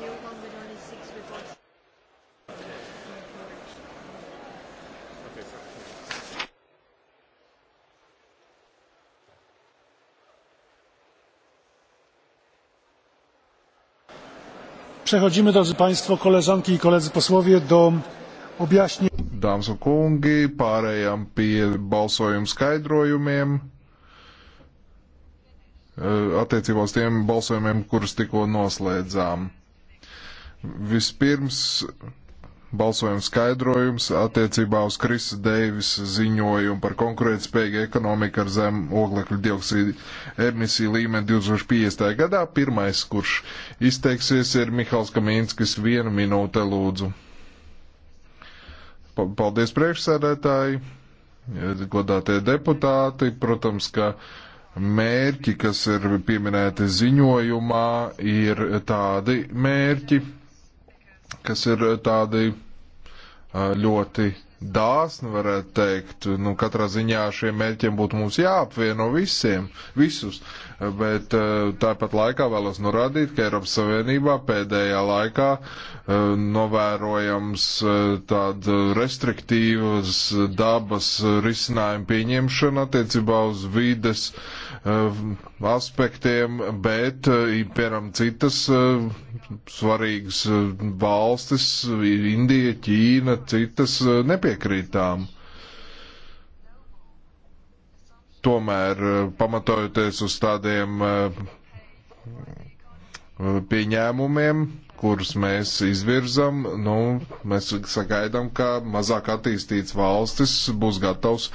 new one with only six reports. Okay, so. Przechodzimy, drodzy Państwo, koleżanki i koledzy posłowie, do objaśnień. Dāmas un kungi, pārējām pie balsojuma skaidrojumiem e, attiecībā uz tiem balsojumiem, kurus tikko noslēdzām. Vispirms balsojuma skaidrojums attiecībā uz Krisa Deivis ziņojumu par konkurētspējīgu ekonomiku ar zem oglekļa dioksīdu emisiju līmeni 2050. gadā. Pirmais, kurš izteiksies, ir Mihals Kamīnskis. Vienu minūte lūdzu. Paldies priekšsēdētāji, godātie deputāti. Protams, ka mērķi, kas ir pieminēti ziņojumā, ir tādi mērķi, kas ir eh, tādi eh, ļoti dāsni, nu, varētu teikt. Nu, katrā ziņā šiem mērķiem būtu mums jāapvieno visiem, visus. Bet eh, tāpat laikā vēlos norādīt, ka Eiropas Savienībā pēdējā laikā eh, novērojams eh, tāda restriktīvas dabas risinājuma pieņemšana attiecībā uz vides aspektiem, bet, piemēram, citas svarīgas valstis, Indija, Ķīna, citas nepieciešamas nepiekrītām. Tomēr, eh, pamatojoties uz tādiem eh, pieņēmumiem, kurus mēs izvirzam, nu, mēs sagaidām, ka mazāk attīstīts valstis būs gatavs eh,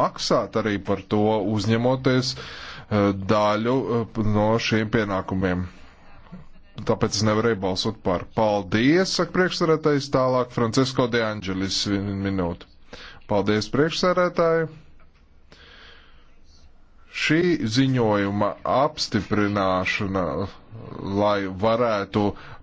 maksāt arī par to, uzņemoties daļu no šiem pienākumiem tāpēc es nevarēju balsot par. Paldies, saka priekšsarētājs, tālāk Francisko de Angelis minūte. Paldies, priekšsarētāji. Šī ziņojuma apstiprināšana, lai varētu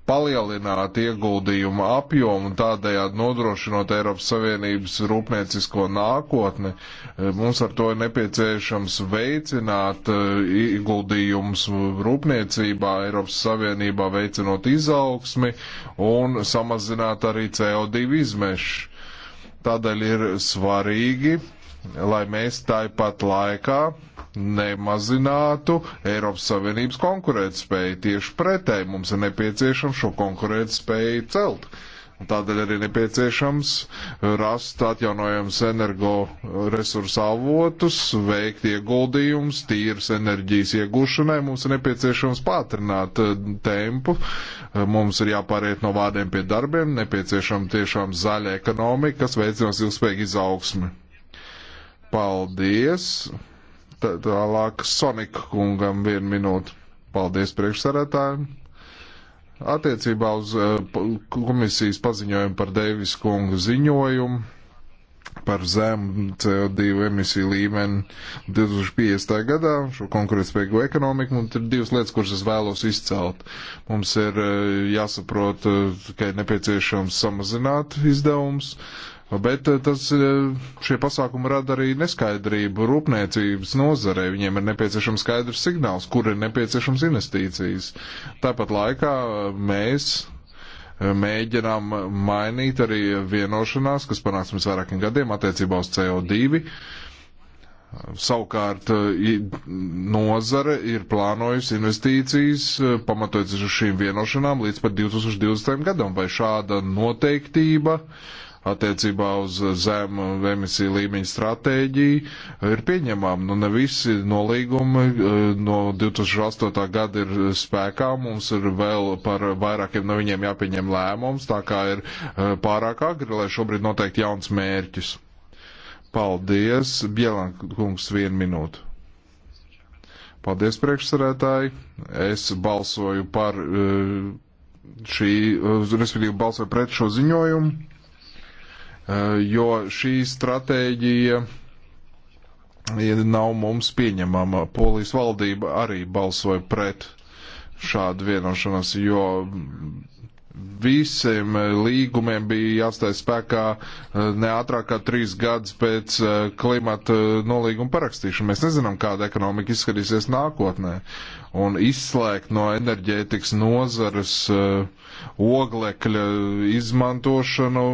palielināt ieguldījumu apjomu un tādējādi nodrošinot Eiropas Savienības rūpniecisko nākotni. E, mums ar to ir nepieciešams veicināt e, ieguldījumus rūpniecībā Eiropas Savienībā, veicinot izaugsmi un samazināt arī CO2 izmešu. Tādēļ ir svarīgi, lai mēs tāpat laikā nemazinātu Eiropas Savienības konkurētspēju. Tieši pretēji mums ir nepieciešams šo konkurētspēju celt. Un tādēļ arī nepieciešams rast atjaunojams energoresursu avotus, veikt ieguldījums, tīras enerģijas iegūšanai. Mums ir nepieciešams pātrināt eh, tempu, eh, mums ir jāpāriet no vārdiem pie darbiem, nepieciešama tiešām zaļa ekonomika, kas veicinās ilgspējīgu izaugsmi. Paldies! Tālāk Sonika kungam vienu minūtu. Paldies priekšsarētājiem. Attiecībā uz eh, komisijas paziņojumu par Deivis kungu ziņojumu par zemu CO2 emisiju līmeni 2050. gadā, šo konkurētspējīgu ekonomiku. Mums ir divas lietas, kuras es vēlos izcelt. Mums ir e, jāsaprot, e, ka ir nepieciešams samazināt izdevumus. Bet e, tas, šie pasākumi rada arī neskaidrību rūpniecības nozarē. Viņiem ir nepieciešams skaidrs signāls, kur ir nepieciešams investīcijas. Tāpat laikā mēs mēģinām mainīt arī vienošanās, kas panāks pirms vairākiem gadiem attiecībā uz CO2. Savukārt nozare ir plānojusi investīcijas, pamatojoties uz šīm vienošanām, līdz pat 2020. gadam. Vai šāda noteiktība uh, attiecībā uz zemu emisiju līmeņu stratēģiju, ir pieņemama. Nu, ne visi nolīgumi eh, no 2008. gada ir spēkā, mums ir vēl par vairākiem no viņiem jāpieņem lēmums, tā kā ir eh, pārāk agri, lai šobrīd noteikti jauns mērķis. Paldies, Bielankungs, vienu minūtu. Paldies, priekšsarētāji. Es balsoju par eh, šī, respektīvi balsoju pret šo ziņojumu. Eh, jo šī stratēģija nav mums pieņemama. Polijas valdība arī balsoja pret šādu vienošanos, jo visiem eh, līgumiem bija jāstāj spēkā eh, ne ātrāk kā trīs gadus pēc eh, klimata nolīguma parakstīšanas. Mēs nezinām, kāda ekonomika izskatīsies nākotnē. Un izslēgt no enerģētikas nozares oglekļa izmantošanu,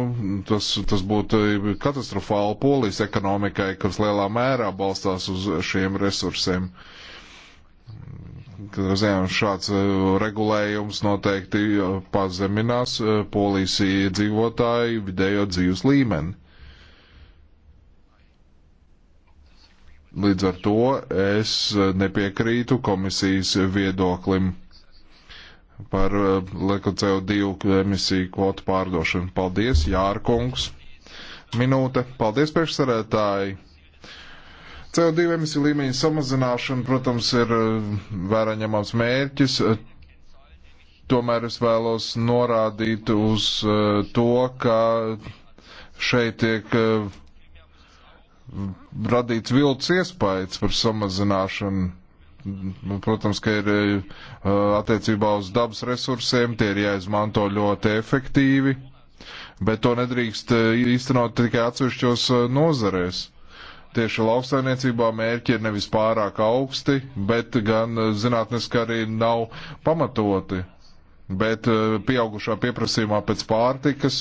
tas, tas būtu katastrofāli polijas ekonomikai, kas lielā mērā balstās uz šiem resursiem. Uh, zinām, šāds e, regulējums noteikti e, pazeminās e, polijas iedzīvotāju vidējo dzīves līmeni. Līdz ar to es nepiekrītu komisijas viedoklim par CO2 emisiju kvotu pārdošanu. Paldies, Jārkungs! Minūte. Paldies, priekšsarētāji! CO2 emisiju līmeņa samazināšana, protams, ir eh, vērā ņemams mērķis. Tomēr es vēlos norādīt uz eh, to, ka šeit tiek eh, radīts vilts iespējas par samazināšanu. Nu, protams, ka ir attiecībā uz dabas resursiem, tie ir jāizmanto ļoti efektīvi, bet to nedrīkst īstenot tikai atsevišķos nozarēs tieši lauksainiecībā mērķi ir nevis pārāk augsti, bet gan eh, zinātniski arī nav pamatoti. Bet eh, pieaugušā pieprasījumā pēc pārtikas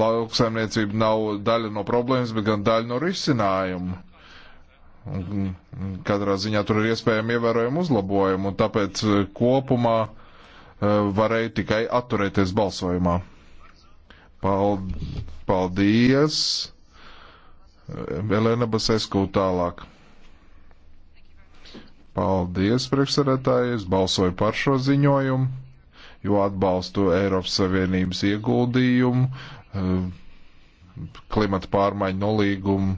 lauksaimniecība nav daļa no problēmas, bet gan daļa no risinājuma. Katrā ziņā tur ir iespējami ievērojami uzlabojumi, un tāpēc eh, kopumā varēja tikai atturēties balsojumā. Paldies! Elena Basesku tālāk. Paldies, priekšsarētāji, es balsoju par šo ziņojumu, jo atbalstu Eiropas Savienības ieguldījumu, eh, klimata pārmaiņu nolīgumu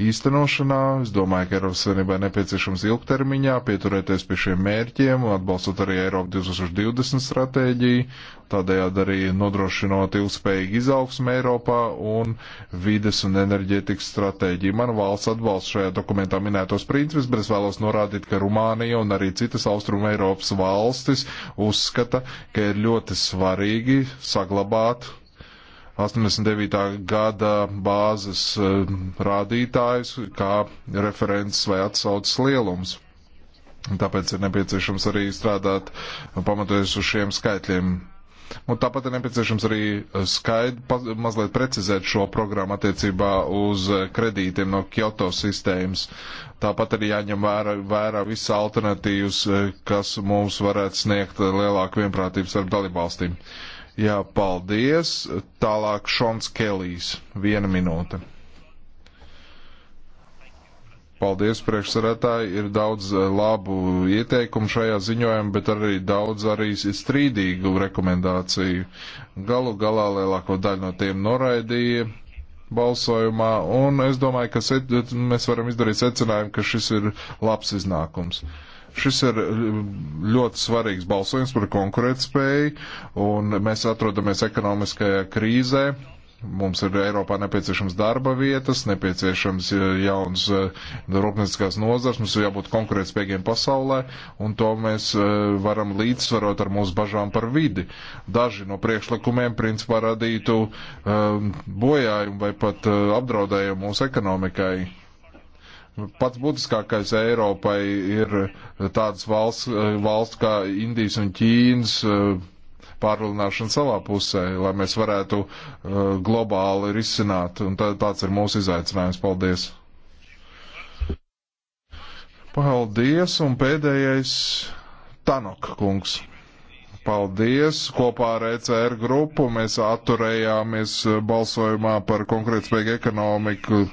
īstenošanā. Es domāju, ka Eiropas Savienībai nepieciešams ilgtermiņā pieturēties pie šiem mērķiem, atbalstot arī Eiropu 2020 stratēģiju, tādējādi arī nodrošinot ilgspējīgu izaugsmu Eiropā un vides un enerģētikas stratēģiju. Man valsts atbalsta šajā dokumentā minētos principus, bet es vēlos norādīt, ka Rumānija un arī citas Austrum Eiropas valstis uzskata, ka ir ļoti svarīgi saglabāt 89. gada bāzes eh, rādītājus kā referents vai atsaucas lielums. Tāpēc ir nepieciešams arī strādāt pamatojas uz šiem skaitļiem. Un tāpat ir nepieciešams arī skaidri mazliet precizēt šo programmu attiecībā uz kredītiem no Kyoto sistēmas. Tāpat arī jāņem vērā, vērā visas alternatīvas, eh, kas mums varētu sniegt lielāku vienprātību starp dalībvalstīm. Uh, Jā, paldies. Tālāk Šons Kelijs. Viena minūte. Paldies, priekšsarētāji. Ir daudz eh, labu ieteikumu šajā ziņojumā, bet arī daudz arī strīdīgu rekomendāciju. Galu galā lielāko daļu no tiem noraidīja balsojumā, un es domāju, ka mēs varam izdarīt secinājumu, ka šis ir labs iznākums. Mm. Šis ir eh, ļoti svarīgs balsojums par konkurētspēju, un mēs atrodamies ekonomiskajā krīzē. Mums ir Eiropā nepieciešams darba vietas, nepieciešams eh, jauns eh, rūpnieciskās nozars, mums ir jābūt konkurētspējīgiem pasaulē, un to mēs varam līdzsvarot ar mūsu bažām par vidi. Daži no priekšlikumiem principā radītu um, bojājumu vai pat apdraudējumu mūsu ekonomikai Pats būtiskākais Eiropai ir tādas valsts, eh, valsts kā Indijas un Ķīnas eh, pārlunāšana savā pusē, lai mēs varētu eh, globāli risināt. Un tā, tāds ir mūsu izaicinājums. Paldies! Paldies! Un pēdējais Tanok kungs. Paldies! Kopā ar ECR grupu mēs atturējāmies balsojumā par konkrētspēju ekonomiku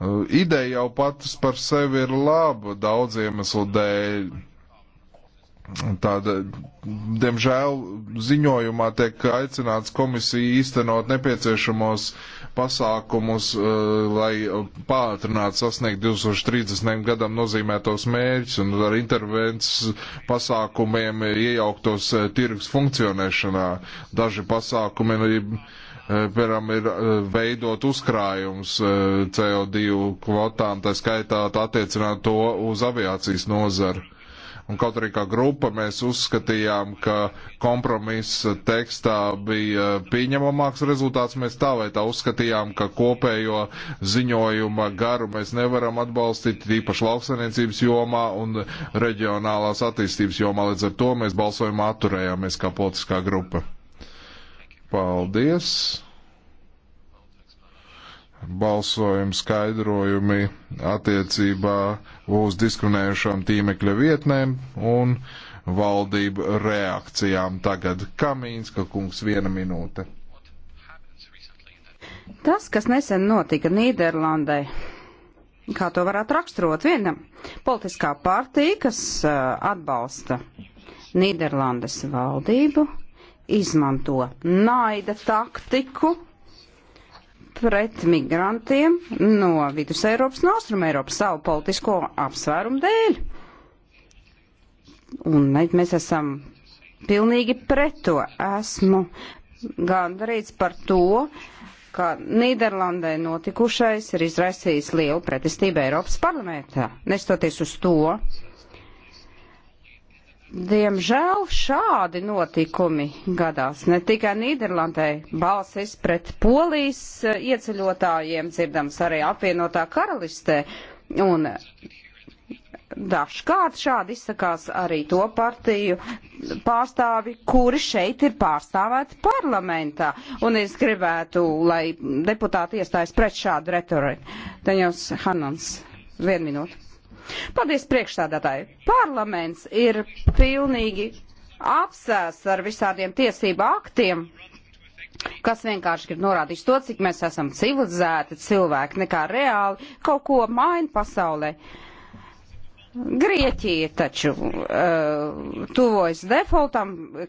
Eh, ideja jau pats par sevi ir laba daudz iemeslu dēļ. Tāda, diemžēl, ziņojumā tiek aicināts komisija īstenot nepieciešamos pasākumus, eh, lai pātrinātu sasniegt 2030. gadam nozīmētos mērķus un ar intervences pasākumiem iejauktos eh, tirgus funkcionēšanā. Daži pasākumi ir Eh, piemēram, ir eh, veidot uzkrājumus eh, CO2 kvotām, tā skaitā attiecināt to uz aviācijas nozaru. Un kaut arī kā grupa mēs uzskatījām, ka kompromisa tekstā bija pieņemamāks rezultāts, mēs tā vai tā uzskatījām, ka kopējo ziņojuma garu mēs nevaram atbalstīt, īpaši lauksaniecības jomā un reģionālās attīstības jomā. Līdz ar to mēs balsojumā atturējāmies kā politiskā grupa. Paldies! balsojumu skaidrojumi attiecībā uz diskriminējušām tīmekļa vietnēm un valdību reakcijām. Tagad Kamīnska kungs viena minūte. Tas, kas nesen notika Nīderlandē, kā to varētu raksturot vienam, politiskā partija, kas uh, atbalsta Nīderlandes valdību, izmanto naida taktiku pret migrantiem no Vidus Eiropas, no Austrum Eiropas savu politisko apsvērumu dēļ. Un mēs esam pilnīgi pret to. Esmu gandarīts par to, ka Nīderlandē notikušais ir izraisījis lielu pretestību Eiropas parlamentā. Nestoties uz to, Diemžēl šādi notikumi gadās ne tikai Nīderlandē. Balsis pret polijas eh, ieceļotājiem dzirdams arī apvienotā karalistē. Un dažkārt šādi izsakās arī to partiju pārstāvi, kuri šeit ir pārstāvēti parlamentā. Un es gribētu, lai deputāti iestājas pret šādu retoriku. Daņos Hanans, vienu minūtu. Paldies priekšstādātāji. Parlaments ir pilnīgi apsēsts ar visādiem tiesību aktiem, kas vienkārši grib norādīt to, cik mēs esam civilizēti cilvēki, nekā reāli kaut ko maina pasaulē. Grieķija taču uh, tuvojas defaultam,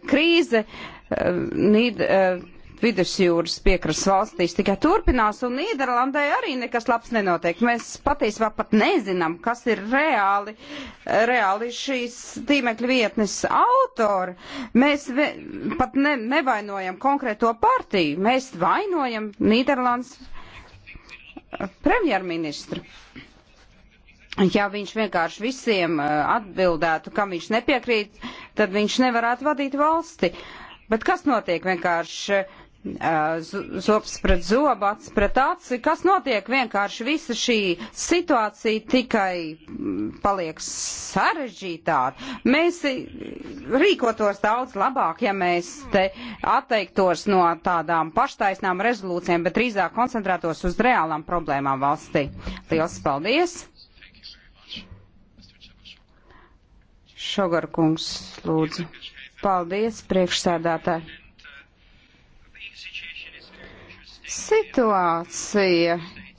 krīze, uh, nid, uh, vidusjūras piekras valstīs tikai turpinās, un Nīderlandē arī nekas labs nenotiek. Mēs patiesībā pat nezinām, kas ir reāli, reāli šīs tīmekļa vietnes autori. Mēs ve, pat ne, nevainojam konkrēto partiju, mēs vainojam Nīderlandes premjerministru. Ja viņš vienkārši visiem eh, atbildētu, kam viņš nepiekrīt, tad viņš nevarētu vadīt valsti. Bet kas notiek vienkārši? Uh, zobs pret zobu, acis pret aci, kas notiek vienkārši visa šī situācija tikai mm, paliek sarežģītāka. Mēs rīkotos daudz labāk, ja mēs te atteiktos no tādām paštaisnām rezolūcijām, bet drīzāk koncentrētos uz reālām problēmām valstī. Liels paldies! Šogar kungs, lūdzu. Paldies, priekšsēdētāji! Situācija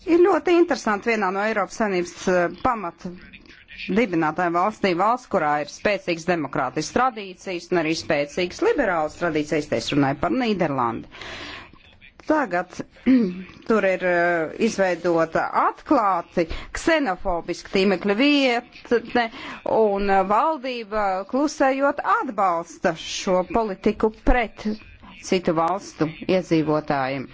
ir ļoti interesanti vienā no Eiropas Savienības eh, pamatu dibinātāju valstī, valsts, kurā ir spēcīgas demokrātiskas tradīcijas un arī spēcīgas liberālas tradīcijas, te es runāju par Nīderlandi. Tagad tur ir uh, izveidota atklāti ksenofobiska tīmekļa vietne, un uh, valdība klusējot atbalsta šo politiku pret citu valstu iedzīvotājiem.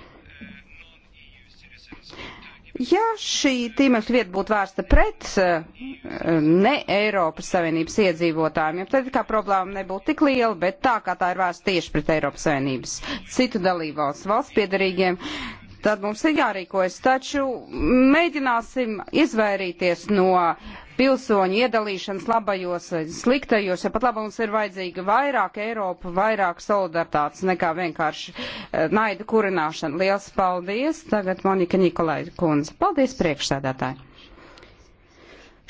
Ja šī tīmekļa vieta būtu vērsta pret eh, ne Eiropas Savienības iedzīvotājiem, tad kā problēma nebūtu tik liela, bet tā kā tā ir vērsta tieši pret Eiropas Savienības citu dalībvalstu valsts piedarīgiem, uh, tad mums ir jārīkojas. Taču mēģināsim izvairīties no pilsoņu iedalīšanas labajos vai sliktajos, ja pat labi mums ir vajadzīga vairāk Eiropa, vairāk solidaritātes nekā vienkārši eh, naida kurināšana. Liels paldies! Tagad Monika Nikolai kundze. Paldies priekšsēdētāji!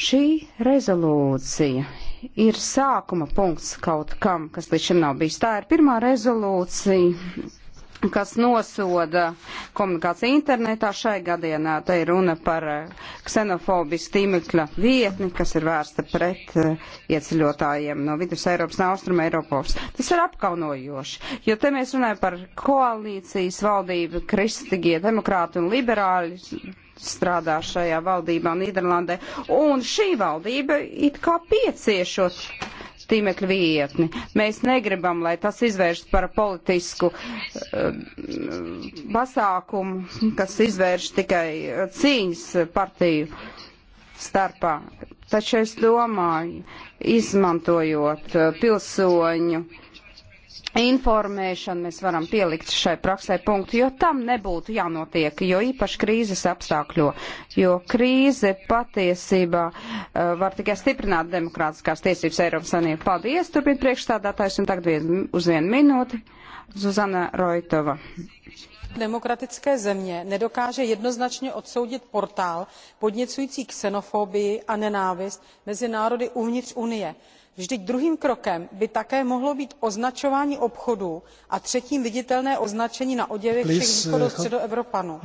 Šī rezolūcija ir sākuma punkts kaut kam, kas līdz šim nav bijis. Tā ir pirmā rezolūcija kas nosoda komunikāciju internetā šai gadienā. Te ir runa par eh, ksenofobijas tīmekļa vietni, kas ir vērsta pret eh, ieceļotājiem no vidus Eiropas un Austruma Eiropas. Tas ir apkaunojoši, jo te mēs runājam par koalīcijas valdību, kristīgie demokrāti un liberāļi strādā šajā valdībā Nīderlandē, un šī valdība it kā pieciešot tīmekļa vietni. Mēs negribam, lai tas izvērst par politisku eh, pasākumu, uh, kas izvērš tikai cīņas partiju starpā. Taču es domāju, izmantojot eh, pilsoņu informēšanu mēs varam pielikt šai praksē punktu, jo tam nebūtu jānotiek, jo īpaši krīzes apstākļo, jo krīze patiesībā uh, var tikai stiprināt demokrātiskās tiesības Eiropas Savienību. Paldies, turpin priekšstādātājs, un tagad vien, uz vienu minūti Zuzana Roitova. Demokratické země nedokáže jednoznačně odsoudit portál podněcující ksenofobii a nenávist mezi národy uvnitř Unie vždyť druhým krokem by také mohlo být označování obchodů a třetím viditelné označení na oděvech všech východostředoevropanů.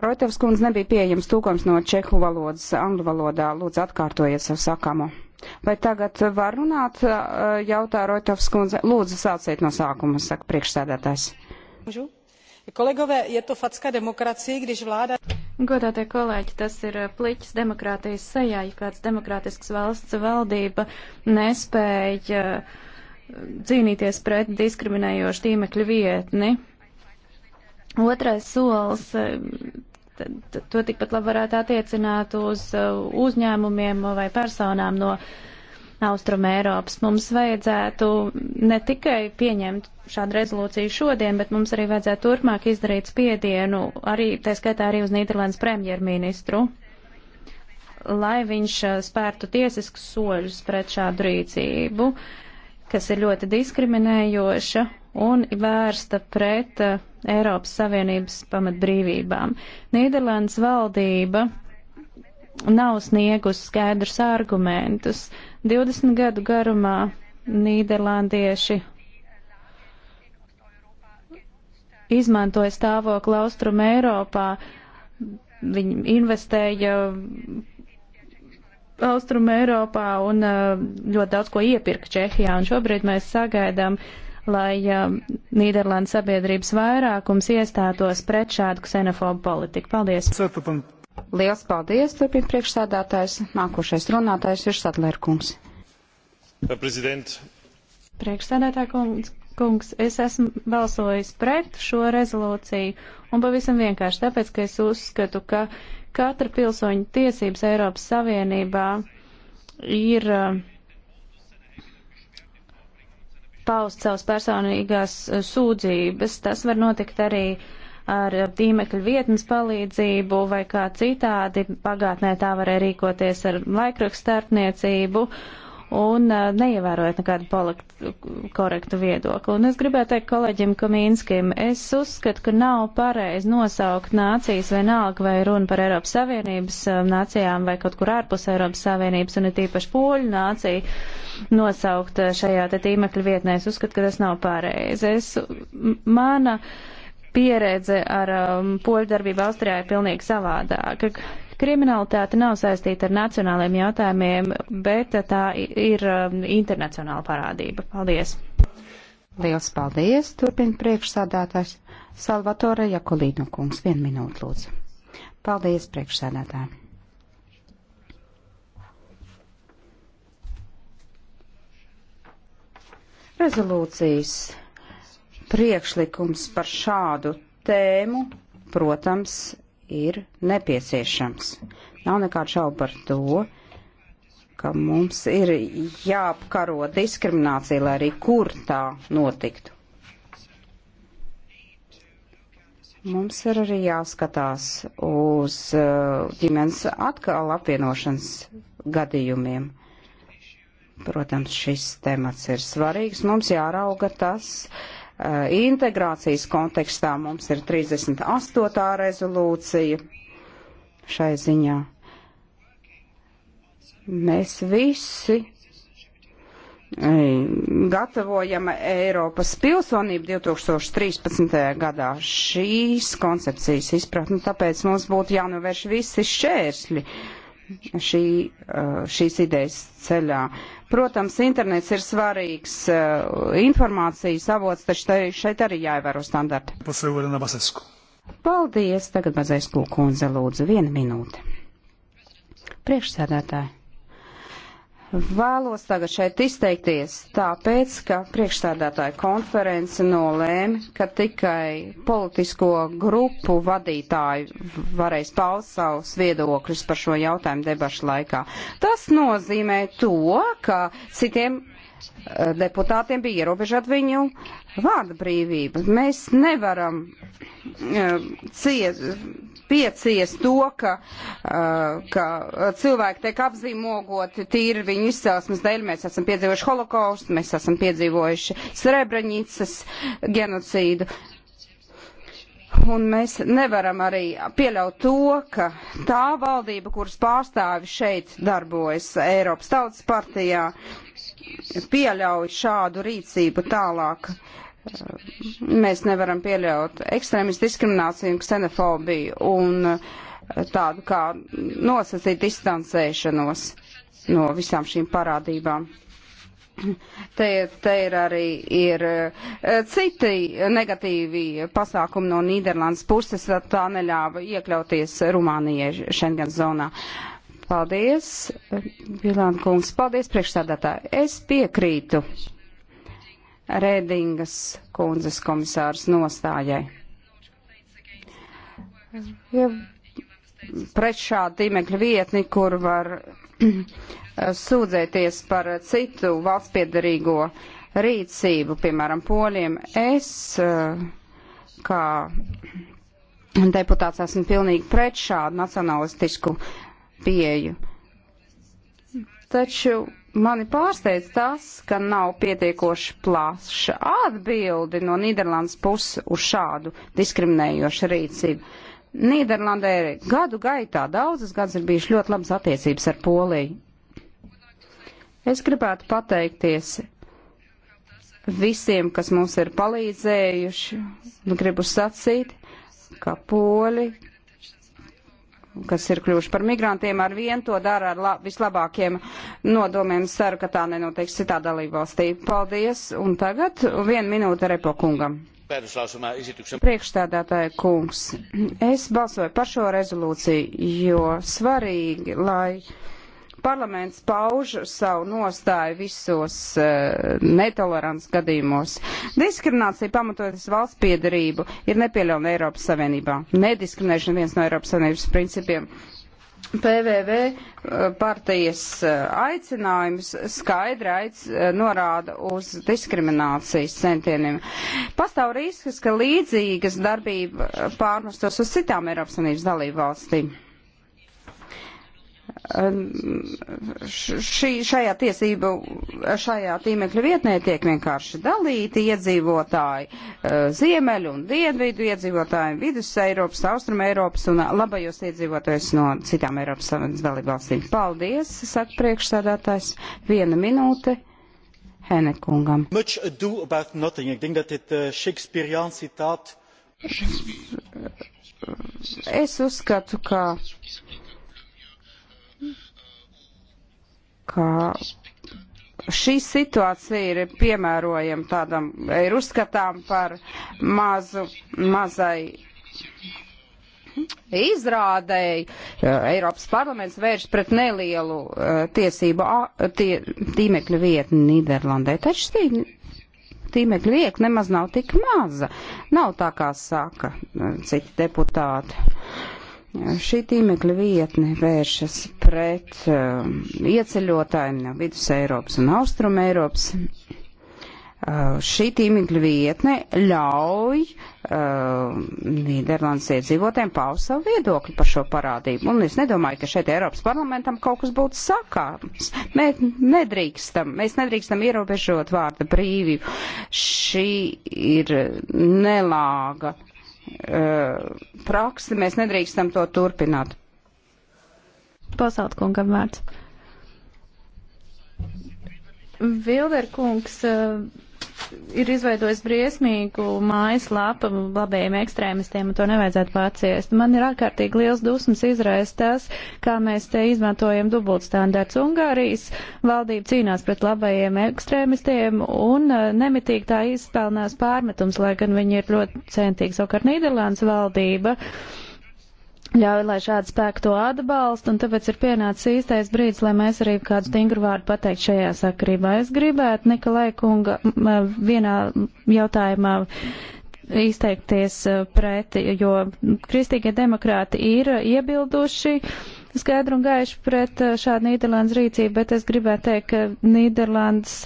Roitovs kundze nebija pieejams tūkojums no čehu valodas angļu valodā. Lūdzu, atkārtojiet savu sakamo. Vai tagad var runāt, eh, jautā Roitovs kundze. Lūdzu, sāciet no sākuma, saka priekšsēdētājs. Kolegové, je to facka demokracii, když vláda... Godātie kolēģi, tas ir eh, pliķis demokrātijas sejā, ja kāds demokrātisks valsts valdība nespēja eh, cīnīties pret diskriminējošu tīmekļu vietni. Otrais solis, eh, to tikpat labi varētu attiecināt uz uzņēmumiem vai personām no uh, Austrum Eiropas. Mums vajadzētu ne tikai pieņemt šādu rezolūciju šodien, bet mums arī vajadzētu turpmāk izdarīt spiedienu, arī, tā skaitā arī uz Nīderlandes premjerministru, lai viņš spērtu tiesiskus soļus pret šādu rīcību, kas ir ļoti diskriminējoša un vērsta pret Eiropas Savienības pamatbrīvībām. Nīderlandes valdība nav sniegusi skaidrus argumentus, 20 gadu garumā nīderlandieši izmantoja stāvokli Austrum Eiropā. Viņi investēja Austrum Eiropā un uh, ļoti daudz ko iepirka Čehijā. Un šobrīd mēs sagaidām, lai uh, Nīderlandes sabiedrības vairākums iestātos pret šādu ksenofobu politiku. Paldies! Ceturtam. Liels paldies, turpina priekšsēdātājs. Nākošais runātājs ir Sadlērkungs. Priekšsēdētāja kungs, kungs, es esmu balsojis pret šo rezolūciju un pavisam vienkārši tāpēc, ka es uzskatu, ka katra pilsoņa tiesības Eiropas Savienībā ir eh, paust savas personīgās eh, sūdzības. Tas var notikt arī uh, ar tīmekļa vietnes palīdzību vai kā citādi. Pagātnē tā varēja rīkoties ar laikrakstu starpniecību un uh, neievērojot nekādu polektu, korektu viedokli. Un es gribētu teikt kolēģim Kamīnskim, es uzskatu, ka nav pareizi nosaukt nācijas vienalga vai runa par Eiropas Savienības uh, nācijām vai kaut kur ārpus Eiropas Savienības un ir tīpaši poļu nācija nosaukt uh, šajā te tīmekļa vietnē. Es uzskatu, ka tas nav pareizi. Es, mana, uh, pieredze ar um, poļu darbību Austrijā ir pilnīgi savādāka. Kriminalitāte nav saistīta ar nacionāliem jautājumiem, bet tā ir um, internacionāla parādība. Paldies! Liels paldies! Turpina priekšsādātājs Salvatore Jakolīnu kungs. Vienu minūtu lūdzu. Paldies, priekšsādātāji! Rezolūcijas priekšlikums par šādu tēmu, protams, ir nepieciešams. Nav nekādu šaubu par to, ka mums ir jāapkaro diskriminācija, lai arī kur tā notiktu. Mums ir arī jāskatās uz uh, ģimenes atkal apvienošanas gadījumiem. Protams, šis temats ir svarīgs. Mums jārauga tas, uh, Eh, integrācijas kontekstā. Mums ir 38. rezolūcija šai ziņā. Mēs visi eh, gatavojam Eiropas pilsonību 2013. gadā šīs koncepcijas izpratni, tāpēc mums būtu jānovērš visi šķēršļi. Uh, šī, uh, šīs idejas ceļā. Protams, internets ir svarīgs uh, informācijas avots, taču te, šeit arī jāievēro standarti. Paldies, tagad mazais kūkundze lūdzu, viena minūte. Priekšsēdētāji. Vēlos tagad šeit izteikties tāpēc, ka priekšstādātāja konference nolēma, ka tikai politisko grupu vadītāji varēs paust savus viedokļus par šo jautājumu debašu laikā. Tas nozīmē to, ka citiem deputātiem bija ierobežot viņu vārda brīvība. Mēs nevaram uh, e, cies, piecies to, ka, uh, ka cilvēki tiek apzīmogoti tīri viņu izcelsmes dēļ. Mēs esam piedzīvojuši holokaustu, mēs esam piedzīvojuši Srebrenicas genocīdu. Un mēs nevaram arī pieļaut to, ka tā valdība, kuras pārstāvi šeit darbojas Eiropas Tautas partijā, pieļauj šādu rīcību tālāk. Mēs nevaram pieļaut ekstrēmistu diskrimināciju, ksenofobiju un eh, tādu kā nosacīt distancēšanos no visām šīm parādībām. Te, te ir arī ir eh, citi negatīvi pasākumi no Nīderlandes puses, tā neļāva iekļauties Rumānijai Schengen zonā. Uh, Paldies, Vilāna kungs. Paldies, priekšstādātāji. Es piekrītu Rēdingas kundzes komisāras nostājai. Ja pret šādu tīmekļa vietni, kur var sūdzēties par citu valsts piedarīgo rīcību, piemēram, poļiem. Es eh, kā deputāts esmu pilnīgi pret šādu nacionalistisku pieju. Taču mani pārsteidz tas, ka nav pietiekoši plaša atbildi no Nīderlandes puses uz šādu diskriminējošu rīcību. Nīderlandē gadu gaitā daudzas gadus ir bijušas ļoti labas attiecības ar Poliju. Es gribētu pateikties visiem, kas mums ir palīdzējuši. Nu, gribu sacīt, ka poļi, kas ir kļuvuši par migrantiem, ar vienu to dara ar lab, vislabākiem nodomiem. Ceru, ka tā nenotiks citā dalībvalstī. Paldies, un tagad viena minūte repokungam. Priekšstādātāja kungs, es balsoju par šo rezolūciju, jo svarīgi, lai parlaments pauž savu nostāju visos uh, netolerants gadījumos. Diskriminācija pamatoties valsts piedarību ir nepieļauna Eiropas Savienībā. Nediskriminēšana viens no Eiropas Savienības principiem. PVV eh, partijas eh, aicinājums skaidri aic, norāda uz diskriminācijas centieniem. Pastāv risks, ka līdzīgas darbība pārmestos uz citām Eiropas Savienības dalību valstīm šī, šajā tiesību, šajā tīmekļa vietnē tiek vienkārši dalīti iedzīvotāji, eh, ziemeļu un dienvidu iedzīvotāji, vidus Eiropas, austrum Eiropas un eh, labajos iedzīvotājus no citām Eiropas Savienības dalībvalstīm. Paldies, saka priekšsēdētājs, viena minūte. Henekungam. Much ado about nothing. Ik denk dat dit uh, eh, Shakespeareaans citaat. Es uzskatu, ka ka šī situācija ir piemērojama tādam, ir uzskatām par mazu, mazai izrādēji. Eiropas parlaments vērš pret nelielu uh, tiesību tie, tīmekļu vietu Nīderlandē. Taču tī, tīmekļu vieta nemaz nav tik maza. Nav tā, kā saka eh, citi deputāti. Šī tīmekļa vietne vēršas pret uh, ieceļotājiem no Vidus Eiropas un Austrum Eiropas. Uh, šī tīmekļa vietne ļauj uh, Nīderlandes iedzīvotājiem paust savu viedokli par šo parādību. Un es nedomāju, ka šeit Eiropas parlamentam kaut kas būtu sakāms. Mē, nedrīkstam, mēs nedrīkstam ierobežot vārda brīvību. Šī ir nelāga uh, praksa, mēs nedrīkstam to turpināt. Pasaut kungam vārds. Vilder kungs eh, ir izveidojis briesmīgu mājas lapu labējiem ekstrēmistiem, un to nevajadzētu paciest. Man ir ārkārtīgi liels dusmas izraisa tas, kā mēs te izmantojam dubultstandarts. Ungārijas valdība cīnās pret labējiem ekstrēmistiem un eh, nemitīgi tā izspēlnās pārmetums, lai gan viņi ir ļoti centīgi. Savukārt Nīderlandes valdība. Uh, ļauj, lai šādi spēki to atbalsta, un tāpēc ir pienācis īstais brīdis, lai mēs arī kādu stingru vārdu pateikt šajā sakarībā. Es gribētu Nikolai kunga vienā jautājumā izteikties uh, preti, jo kristīgie demokrāti ir iebilduši skaidru un gaišu pret uh, šādu Nīderlandes rīcību, bet es gribētu teikt, ka Nīderlandes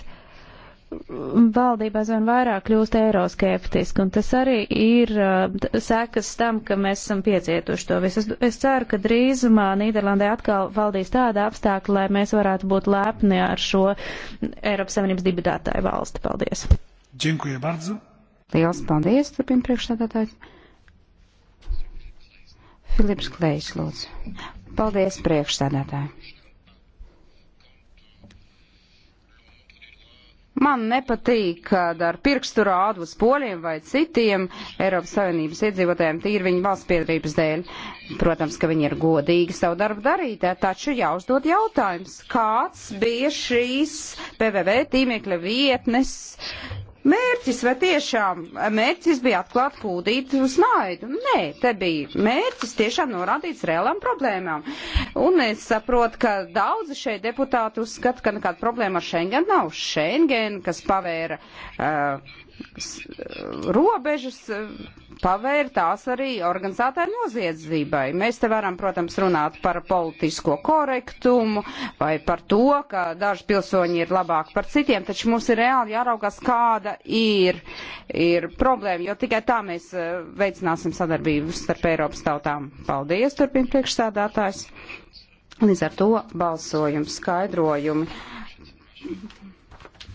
valdībā zvan vairāk kļūst eiroskeptiski, un tas arī ir uh, sekas tam, ka mēs esam piecietuši to visu. Es, es ceru, ka drīzumā Nīderlandē atkal valdīs tāda apstākļa, lai mēs varētu būt lepni ar šo Eiropas Savienības dibidātāju valsti. Paldies! Dziękuję bardzo! Liels paldies, turpina priekšstādātājs. Filips Klejs, lūdzu. Paldies, priekšstādātāji! Man nepatīk, kad ar pirkstu rādu uz poļiem vai citiem Eiropas Savienības iedzīvotājiem tīri viņu valsts piedrības dēļ. Protams, ka viņi ir godīgi savu darbu darīt, taču jāuzdod jautājums, kāds bija šīs PVV tīmekļa vietnes Mērķis vai tiešām mērķis bija atklāt kūdīt uz naidu? Nē, te bija mērķis tiešām norādīts reālām problēmām. Un es saprotu, ka daudzi šeit deputāti uzskata, ka nekāda problēma ar Schengen nav. Schengen, kas pavēra uh, robežas pavēr tās arī organizētai noziedzībai. Mēs te varam, protams, runāt par politisko korektumu vai par to, ka daži pilsoņi ir labāki par citiem, taču mums ir reāli jāraugās, kāda ir, ir problēma, jo tikai tā mēs eh, veicināsim sadarbību starp Eiropas tautām. Paldies, turpin priekšsēdātājs. Līdz ar to balsojumu skaidrojumi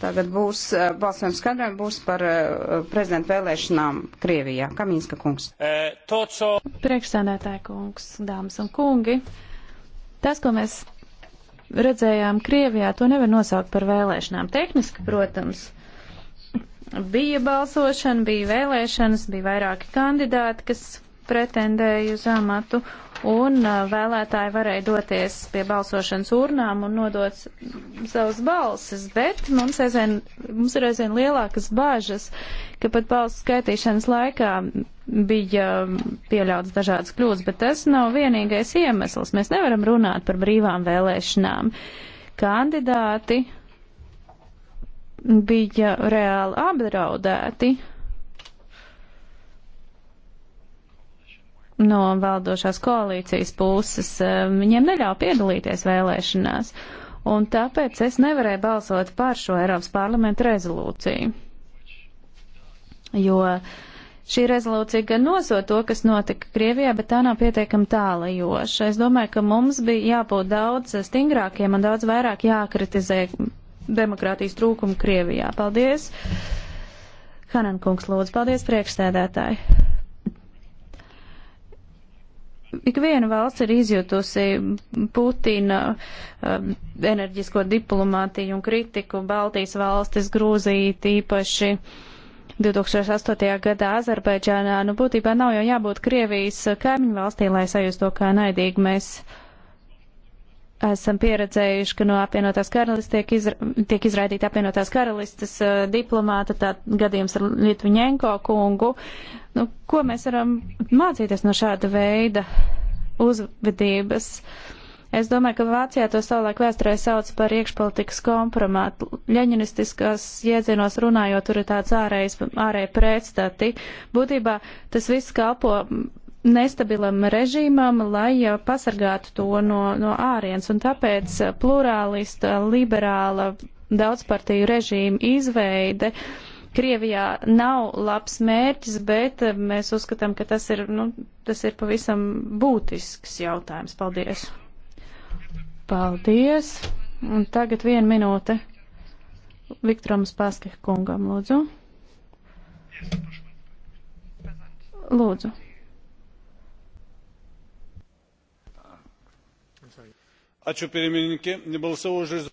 Tagad būs eh, balsojums skaidrojums būs par eh, prezidentu vēlēšanām Krievijā. Kamīnska kungs. Eh, Priekšsēdētāja kungs, dāmas un kungi. Tas, ko mēs redzējām Krievijā, to nevar nosaukt par vēlēšanām. Tehniski, protams, bija balsošana, bija vēlēšanas, bija vairāki kandidāti, kas pretendēja uz amatu, un uh, vēlētāji varēja doties pie balsošanas urnām un nodot savas balsis, bet mums, aizvien, mums ir aizvien lielākas bāžas, ka pat balsu skaitīšanas laikā bija um, pieļauts dažādas kļūdas, bet tas nav vienīgais iemesls. Mēs nevaram runāt par brīvām vēlēšanām. Kandidāti bija reāli apdraudēti no valdošās koalīcijas puses um, viņiem neļauj piedalīties vēlēšanās. Un tāpēc es nevarēju balsot par šo Eiropas parlamentu rezolūciju. Jo šī rezolūcija gan nosot to, kas notika Krievijā, bet tā nav pietiekami tālajoša. Es domāju, ka mums bija jābūt daudz stingrākiem un daudz vairāk jākritizē demokrātijas trūkumu Krievijā. Paldies! Hanan kungs, lūdzu, paldies priekšstādētāji! ikviena valsts ir izjutusi Putina um, enerģisko diplomātiju un kritiku Baltijas valstis, Grūzija īpaši. 2008. gadā Azerbaidžānā, nu būtībā nav jau jābūt Krievijas kaimiņu valstī, lai sajustu to kā naidīgi. Mēs esam pieredzējuši, ka no apvienotās karalistes tiek, izra tiek izraidīta apvienotās karalistes uh, diplomāta, tā gadījums ar Litviņenko kungu. Uh, Nu, ko mēs varam mācīties no šāda veida uzvedības? Es domāju, ka Vācijā to savulaik vēsturē sauc par iekšpolitikas kompromātu. Ļeņinistiskās iedzienos runājot, tur ir tāds ārējais, ārēja pretstati. Būtībā tas viss kalpo nestabilam režīmam, lai pasargātu to no, no ārienes. Un tāpēc plurālista, liberāla, daudzpartiju režīma izveide uh, Krievijā nav labs mērķis, bet eh, mēs uzskatām, ka tas ir, nu, tas ir pavisam būtisks jautājums. Paldies! Paldies! Un tagad viena minūte Viktoram Spāskih kungam, lūdzu. Lūdzu. Ačiū pirmininkė, nebalsavau už.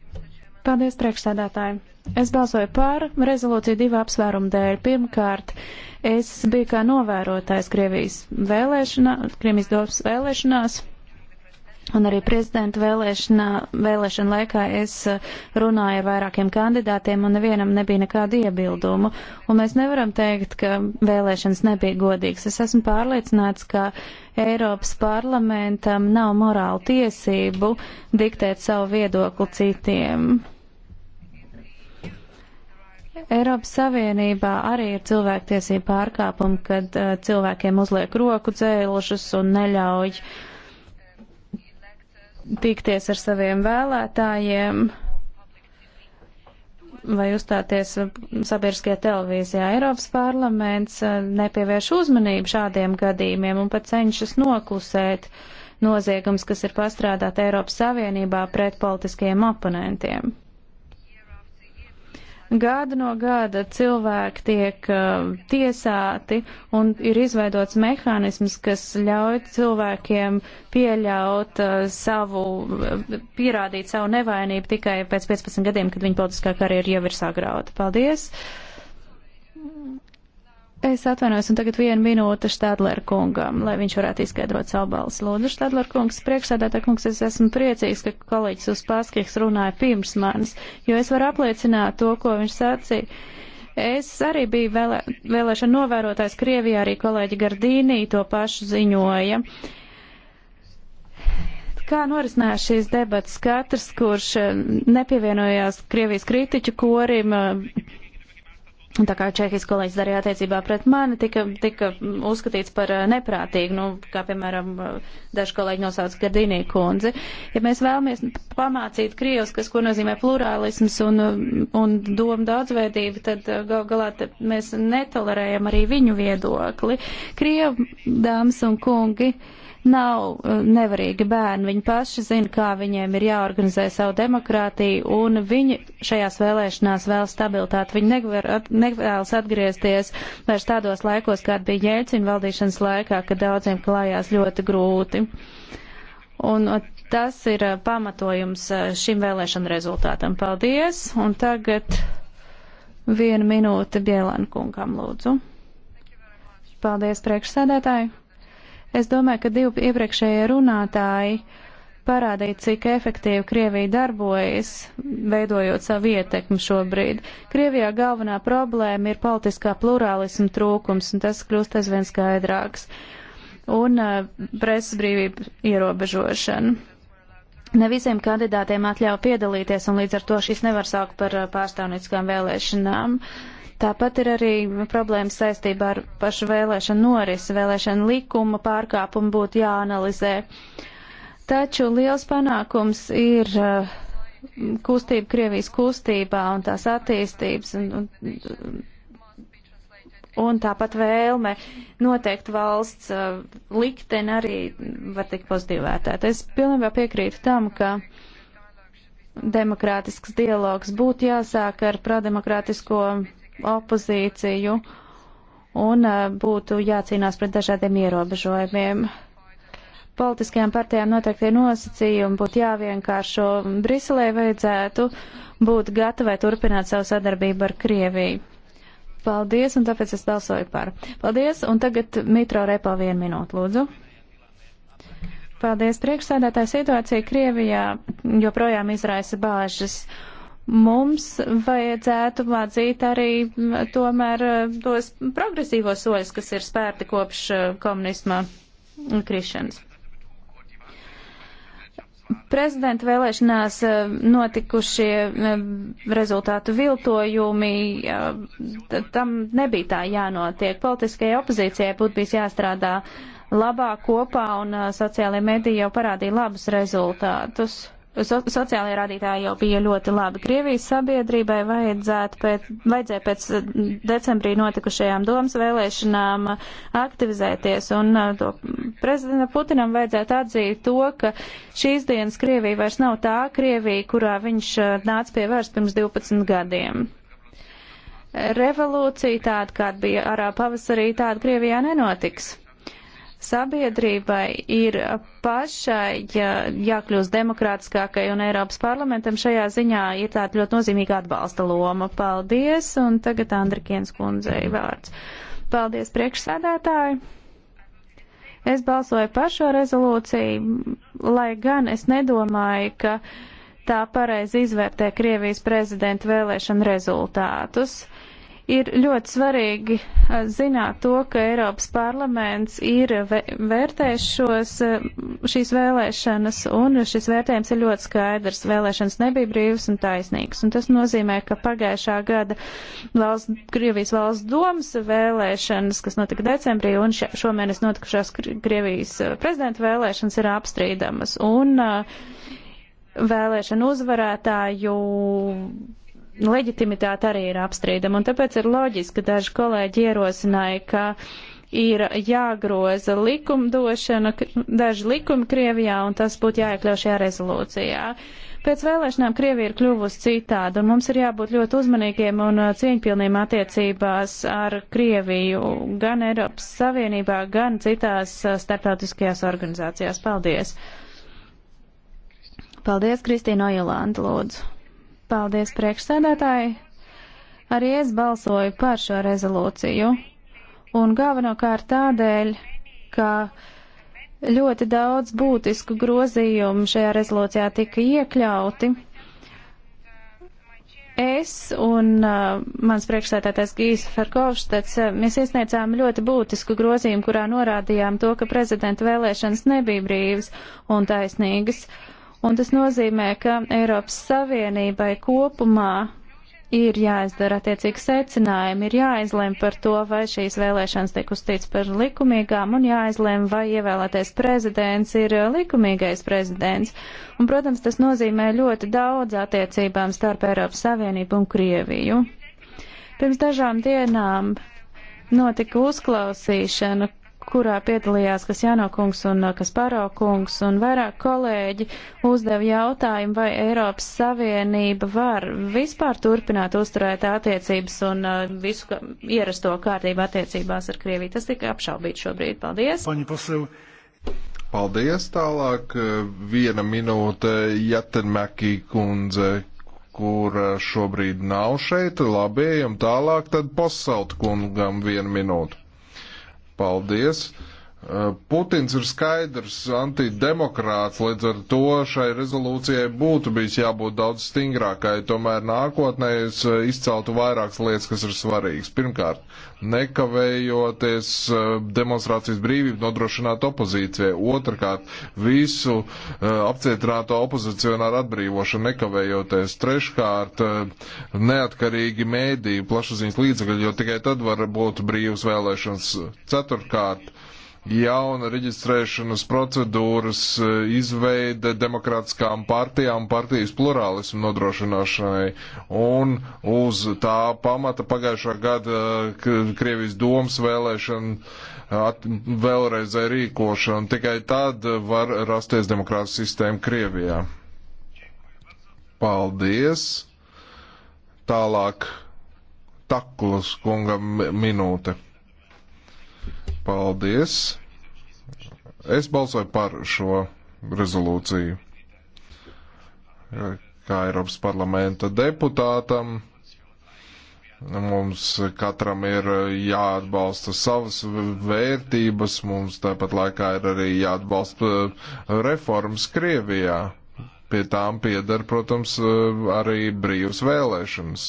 Paldies, priekšsēdētāji. Es balsoju par rezolūciju divu apsvērumu dēļ. Pirmkārt, es biju kā novērotājs Krievijas vēlēšanā, Krievijas domas vēlēšanās, un arī prezidenta vēlēšanā, vēlēšana laikā es eh, runāju ar vairākiem kandidātiem, un nevienam nebija nekāda iebildumu. Un mēs nevaram teikt, ka vēlēšanas nebija godīgas. Es esmu pārliecināts, ka Eiropas parlamentam nav morāla tiesību diktēt savu viedokli citiem Eiropas Savienībā arī ir cilvēktiesība pārkāpumi, kad uh, cilvēkiem uzliek roku dzēlušas un neļauj tikties ar saviem vēlētājiem vai uzstāties sabiedriskajā televīzijā. Eiropas parlaments uh, nepievērš uzmanību šādiem gadījumiem un pat cenšas noklusēt noziegums, kas ir pastrādāt Eiropas Savienībā pret politiskajiem oponentiem. Gada no gada cilvēki tiek uh, tiesāti un ir izveidots mehānisms, kas ļauj cilvēkiem pieļaut uh, savu, uh, pierādīt savu nevainību tikai pēc 15 gadiem, kad viņa politiskā karjera jau ir sagrauta. Paldies! Es atvainojos, un tagad viena minūte Štādler kungam, lai viņš varētu izskaidrot savu balsi. Lūdzu, Štādler kungs, priekšsēdētā kungs, es esmu priecīgs, ka kolēģis Uspaskijs runāja pirms manis, jo es varu apliecināt to, ko viņš sacīja. Es arī biju vēlē, vēlēšana novērotājs Krievijā, arī kolēģi Gardīnī to pašu ziņoja. Kā norisinājās šīs debatas? Katrs, kurš nepievienojās Krievijas kritiķu korim, Tā kā Čehijas kolēģis darīja attiecībā pret mani, tika, tika uzskatīts par eh, neprātīgu, nu, kā piemēram eh, daži kolēģi nosauca Gardinī kundzi. Ja mēs vēlamies pamācīt Krievs, kas ko nozīmē plurālisms un, eh, un doma daudzveidība, tad gal galā mēs netolerējam arī viņu viedokli. Krievu dāmas un kungi. Uh, nav eh, nevarīgi bērni. Viņi paši zina, kā viņiem ir jāorganizē savu demokrātiju, un viņi šajās vēlēšanās vēl stabilitāti. Viņi nevar, at, nevēlas atgriezties vairs tādos laikos, kāda bija Jēlcina valdīšanas laikā, kad daudziem klājās ļoti grūti. Un eh, tas ir eh, pamatojums šim vēlēšanu rezultātam. Paldies! Un tagad viena minūte Bielan kungam lūdzu. Paldies priekšsēdētāji! Es domāju, ka divi iepriekšējie runātāji parādīja, cik efektīvi Krievija darbojas, veidojot savu ietekmi šobrīd. Krievijā galvenā problēma ir politiskā plurālisma trūkums, un tas kļūst aizvien skaidrāks, un uh, presas brīvība ierobežošana. Ne visiem kandidātiem atļauj piedalīties, un līdz ar to šis nevar sākt par uh, pārstāvnieciskām vēlēšanām. Uh, Tāpat ir arī problēma saistībā ar pašu vēlēšanu norisi. Vēlēšana likuma pārkāpumu būtu jāanalizē. Taču liels panākums ir eh, kustība Krievijas kustībā un tās attīstības. Un, un, Un tāpat vēlme noteikt valsts uh, likteni arī var tikt pozitīvi vērtēt. Es pilnībā piekrītu tam, ka demokrātisks dialogs būtu jāsāk ar prademokrātisko opozīciju un eh, būtu jācīnās pret dažādiem ierobežojumiem. Politiskajām partijām noteikti ir nosacījumi, būtu jāvienkāršo. Briselē vajadzētu būt gatavai turpināt savu sadarbību ar Krieviju. Paldies, un tāpēc es balsoju par. Paldies, un tagad Mitro Repo vienu minūtu, lūdzu. Paldies, priekšsēdētāja situācija Krievijā joprojām izraisa bāžas. Uh, mums vajadzētu mācīt arī tomēr e, tos progresīvos soļus, kas ir spērti kopš e, komunisma krišanas. Prezidenta vēlēšanās e, notikušie rezultātu viltojumi, tam nebija tā jānotiek. Politiskajai opozīcijai būtu bijis jāstrādā labāk kopā, un sociālajie mediji jau parādīja labus rezultātus so, sociālajie rādītāji jau bija ļoti labi. Krievijas sabiedrībai pēc, vajadzēja pēc eh, decembrī notikušajām domas vēlēšanām eh, aktivizēties, un eh, to prezidenta Putinam vajadzētu atzīt to, ka šīs dienas Krievija vairs nav tā Krievija, kurā viņš nāca pie varas pirms 12 gadiem. Revolūcija tāda, kāda bija arā pavasarī, tāda Krievijā nenotiks. Sabiedrībai ir pašai jā, jākļūst demokrātiskākai un Eiropas parlamentam šajā ziņā ir tāda ļoti nozīmīga atbalsta loma. Paldies, un tagad Andrikiens kundzei vārds. Paldies, priekšsēdētāji! Es balsoju par šo rezolūciju, lai gan es nedomāju, ka tā pareizi izvērtē Krievijas prezidenta vēlēšana rezultātus. Uh, Ir ļoti svarīgi eh, zināt to, ka Eiropas parlaments ir vērtējis šos, eh, šīs vēlēšanas, un šis vērtējums ir ļoti skaidrs. Vēlēšanas nebija brīvas un taisnīgas, un tas nozīmē, ka pagājušā gada valsts, Krievijas valsts domas vēlēšanas, kas notika decembrī, un šomēnes notikušās Krievijas eh, prezidenta vēlēšanas ir apstrīdamas, un vēlēšana uzvarētāju leģitimitāte arī ir apstrīdama, un tāpēc ir loģiski, ka daži kolēģi ierosināja, ka ir jāgroza likumdošana, daži likumi Krievijā, un tas būtu jāiekļau šajā rezolūcijā. Pēc vēlēšanām Krievija ir kļuvusi citāda, un mums ir jābūt ļoti uzmanīgiem un uh, cieņpilniem attiecībās ar Krieviju gan Eiropas Savienībā, gan citās uh, starptautiskajās organizācijās. Paldies! Paldies, Kristīna Ojolanda, lūdzu! Paldies priekšsēdētāji. Arī es balsoju par šo rezolūciju. Un galvenokārt tādēļ, ka ļoti daudz būtisku grozījumu šajā rezolūcijā tika iekļauti. Es un uh, mans priekšsētātais Gīs Ferkovštets, uh, mēs iesniedzām ļoti būtisku grozījumu, kurā norādījām to, ka prezidenta vēlēšanas nebija brīvas un taisnīgas. Uh, Un tas nozīmē, ka Eiropas Savienībai kopumā ir jāizdara attiecīgi secinājumi, ir jāizlem par to, vai šīs vēlēšanas tiek uzstīts par likumīgām un jāizlem, vai ievēlētais prezidents ir likumīgais prezidents. Un, protams, tas nozīmē ļoti daudz attiecībām starp Eiropas Savienību un Krieviju. Pirms dažām dienām notika uzklausīšana, kurā piedalījās Kasjāno kungs un uh, Kasparo kungs, un vairāk kolēģi uzdeva jautājumu, vai Eiropas Savienība var vispār turpināt uzturēt attiecības un uh, visu ka, ierasto kārtību attiecībās ar Krieviju. Tas tika apšaubīts šobrīd. Paldies! Paldies tālāk. Uh, viena minūte Jatenmekī kundze, kur šobrīd nav šeit. Labi, ejam tālāk, tad posalt kungam vienu minūtu. Paldies! Eh, Putins ir skaidrs antidemokrāts, līdz ar to šai rezolūcijai būtu bijis jābūt daudz stingrākai. Tomēr nākotnē es eh, izceltu vairākas lietas, kas ir svarīgas. Pirmkārt, nekavējoties eh, demonstrācijas brīvību nodrošināt opozīcijai. Otrkārt, visu apcietināto opozicionāru atbrīvošanu nekavējoties. Treškārt, neatkarīgi mēdī, plašsaziņas līdzekļi, jo tikai tad var būt brīvas vēlēšanas. Ceturtkārt, jauna reģistrēšanas procedūras e, izveide demokrātiskām partijām, partijas plurālismu nodrošināšanai. Un uz tā pamata pagājušā gada e, Krievijas domas vēlēšana e, vēlreiz rīkošana. Tikai tad var rasties demokrātiskā sistēma Krievijā. Paldies! Tālāk Takulas kungam minūte. Paldies! Es balsoju par šo rezolūciju. Kā Eiropas parlamenta deputātam, mums katram ir jāatbalsta savas vērtības, mums tāpat laikā ir arī jāatbalsta uh, reformas Krievijā. Pie tām piedar, protams, uh, arī brīvas vēlēšanas.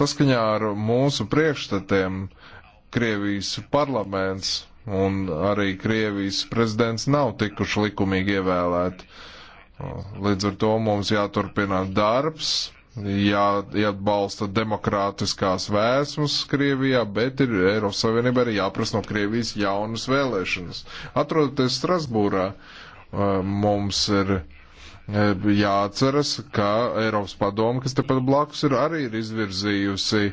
Saskaņā ar mūsu priekšstatiem uh, Krievijas parlaments un arī Krievijas prezidents nav tikuši likumīgi ievēlēti. Līdz ar to mums jāturpina darbs, jā, jāatbalsta demokrātiskās vēsmas Krievijā, bet ir Eiropas Savienība arī jāprasa no Krievijas jaunas vēlēšanas. Atrodoties Strasbūrā, eh, mums ir E, jāatceras, ka Eiropas padoma, kas tepat blakus ir, arī ir izvirzījusi e,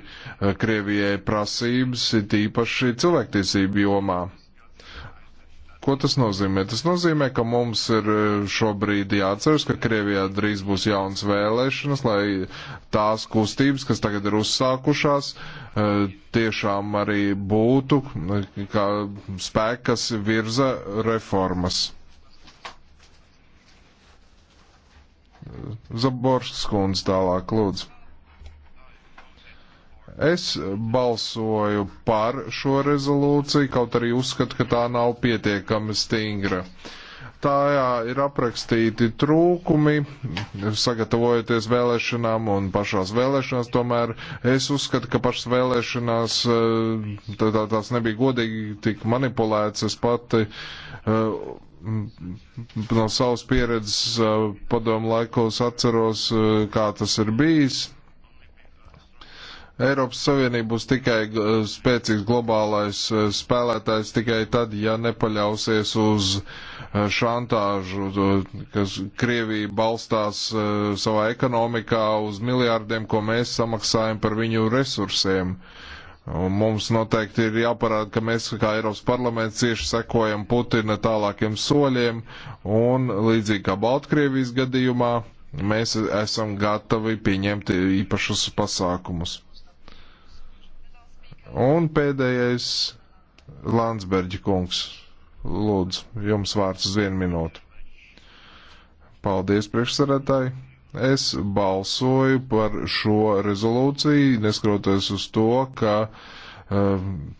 Krievijai prasības, tīpaši cilvēktiesību jomā. Ko tas nozīmē? Tas nozīmē, ka mums ir e, šobrīd jāatceras, ka Krievijā drīz būs jauns vēlēšanas, lai tās kustības, kas tagad ir uzsākušās, tiešām arī būtu kā spēki, kas virza reformas. Zaborskas kundze tālāk lūdzu. Es balsoju par šo rezolūciju, kaut arī uzskatu, ka tā nav pietiekami stingra. Tajā ir aprakstīti trūkumi, sagatavojoties vēlēšanām un pašās vēlēšanās, tomēr es uzskatu, ka pašas vēlēšanās eh, tā, tā, tās nebija godīgi tik manipulētas. Es pati uh, Mm, no savas pieredzes uh, padomu laikos atceros, uh, kā tas ir bijis. Eiropas Savienība būs tikai uh, spēcīgs globālais spēlētājs tikai tad, ja nepaļausies uz šantāžu, kas Krievija balstās savā ekonomikā uz miljārdiem, ko mēs samaksājam par viņu resursiem. Uh, Un mums noteikti ir jāparāda, ka mēs kā Eiropas parlaments cieši sekojam Putina tālākiem soļiem un līdzīgi kā Baltkrievijas gadījumā mēs esam gatavi pieņemt īpašus pasākumus. Un pēdējais Landsbergi kungs. Lūdzu, jums vārds uz vienu minūtu. Paldies, priekšsarētāji! Es balsoju par šo rezolūciju, neskatoties uz to, ka um,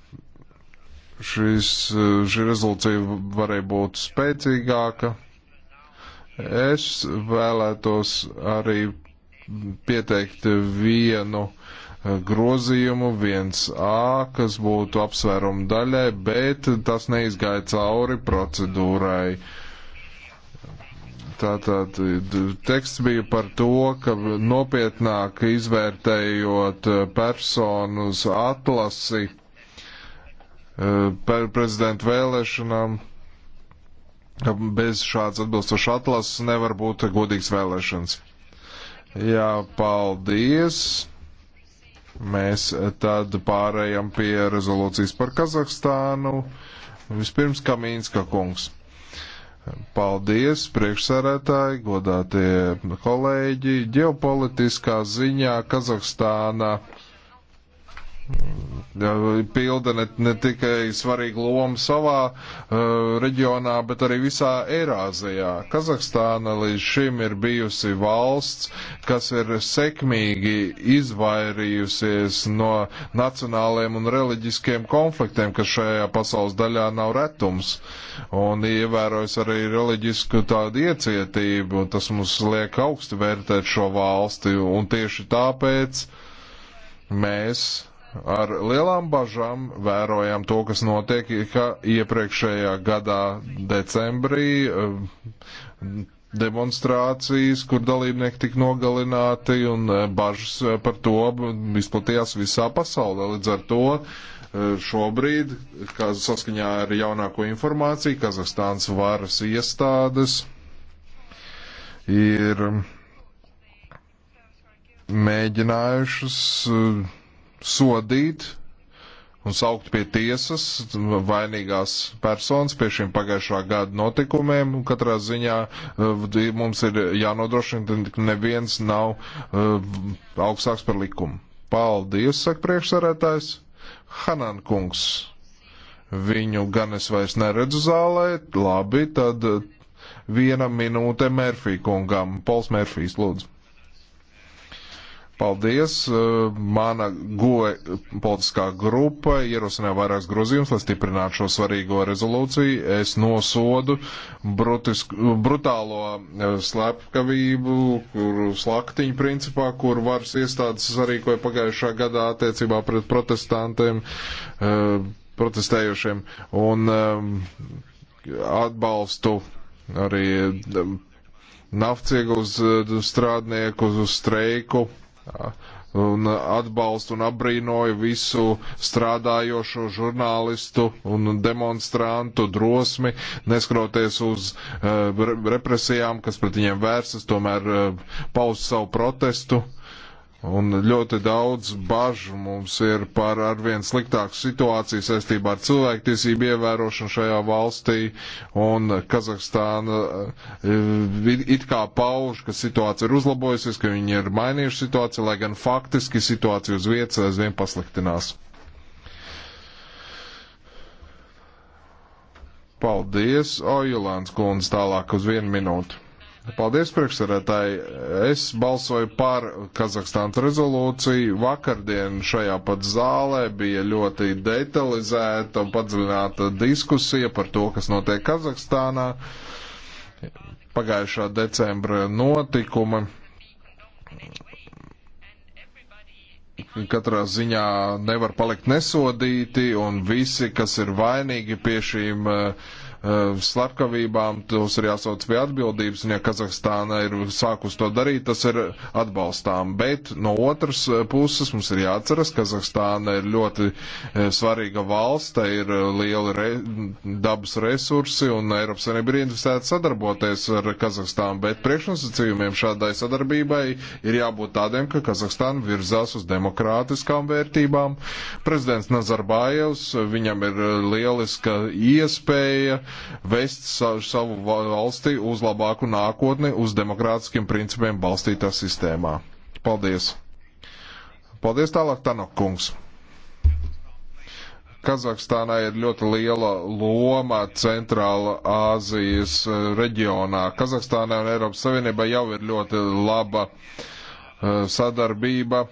šis, šī rezolūcija varēja būt spēcīgāka. Es vēlētos arī pieteikt vienu uh, grozījumu 1A, kas būtu apsvērumu daļai, bet tas neizgāja cauri procedūrai. Uh, Tātad teksts bija par to, ka nopietnāk izvērtējot eh, personas atlasi eh, par prezidentu vēlēšanām, ka bez šādas atbilstošas atlases nevar būt godīgs vēlēšanas. Jā, paldies! Mēs eh, tad pārējām pie rezolūcijas par Kazahstānu. Vispirms Kamīnska kungs. Paldies, priekšsarētāji, godātie kolēģi. Ģeopolitiskā ziņā Kazahstāna pilda ne, ne tikai svarīgu lomu savā uh, reģionā, bet arī visā Eirāzijā. Kazahstāna līdz šim ir bijusi valsts, kas ir sekmīgi izvairījusies no nacionāliem un reliģiskiem konfliktiem, kas šajā pasaules daļā nav retums. Un ievērojas arī reliģisku tādu iecietību, un tas mums liek augstu vērtēt šo valsti, un tieši tāpēc mēs ar lielām bažām vērojam to, kas notiek, ka iepriekšējā gadā decembrī eh, demonstrācijas, kur dalībnieki tika nogalināti un eh, bažas par to izplatījās visā pasaulē. Līdz ar to eh, šobrīd, kā saskaņā ar jaunāko informāciju, Kazahstānas varas iestādes ir mm, mēģinājušas uh, sodīt un saukt pie tiesas vainīgās personas pie šiem pagājušā gada notikumiem. Katrā ziņā eh, mums ir jānodrošina, ka neviens nav eh, augstāks par likumu. Paldies, saka priekšsarētājs. Hanan kungs. Viņu gan es vairs neredzu zālē. Labi, tad eh, viena minūte Mērfī kungam. Pols Mērfīs, lūdzu. Paldies! Eh, mana goe politiskā grupa ierosināja vairākas grozījumus, lai stiprinātu šo svarīgo rezolūciju. Es nosodu brutisku, brutālo eh, slepkavību, kuru slaktiņu principā, kur varas iestādes sarīkoja pagājušā gadā attiecībā pret protestantiem, eh, protestējušiem, un atbalstu arī nafts ieguvus strādnieku uz streiku un atbalstu un apbrīnoju visu strādājošo žurnālistu un demonstrantu drosmi, neskroties uz uh, represijām, kas pret viņiem vērsas, tomēr uh, paust savu protestu. Uh, Un ļoti daudz bažu mums ir par arvien sliktāku situāciju saistībā ar cilvēktiesību ievērošanu šajā valstī, un Kazahstāna eh, it kā pauž, ka situācija ir uzlabojusies, ka viņi ir mainījuši situāciju, lai gan faktiski situācija uz vietas aizvien pasliktinās. Paldies, Ojulāns kundze, tālāk uz vienu minūtu. Paldies, priekšsarētāji. Es balsoju par Kazahstānas rezolūciju. Vakardien šajā pat zālē bija ļoti detalizēta un padziļināta diskusija par to, kas notiek Kazahstānā. Pagājušā decembra notikuma. Katrā ziņā nevar palikt nesodīti, un visi, kas ir vainīgi pie šīm uh, Uh, slepkavībām, tos ir jāsauc pie atbildības, un ja Kazahstāna ir sākus to darīt, tas ir atbalstām. Bet no otras uh, puses mums ir jāatceras, Kazahstāna ir ļoti uh, svarīga valsts, tai ir lieli re, dabas resursi, un Eiropas Savienība ir interesēta sadarboties ar Kazahstānu, bet priekšnosacījumiem šādai sadarbībai ir jābūt tādiem, ka Kazahstāna virzās uz demokrātiskām vērtībām. Prezidents Nazarbājevs, viņam ir lieliska iespēja, vest savu valsti uz labāku nākotni, uz demokrātiskiem principiem balstītā sistēmā. Paldies! Paldies tālāk, Tanok kungs! Kazahstānā ir ļoti liela loma Centrāla Āzijas eh, reģionā. Kazahstānā un Eiropas Savienībā jau ir ļoti laba eh, sadarbība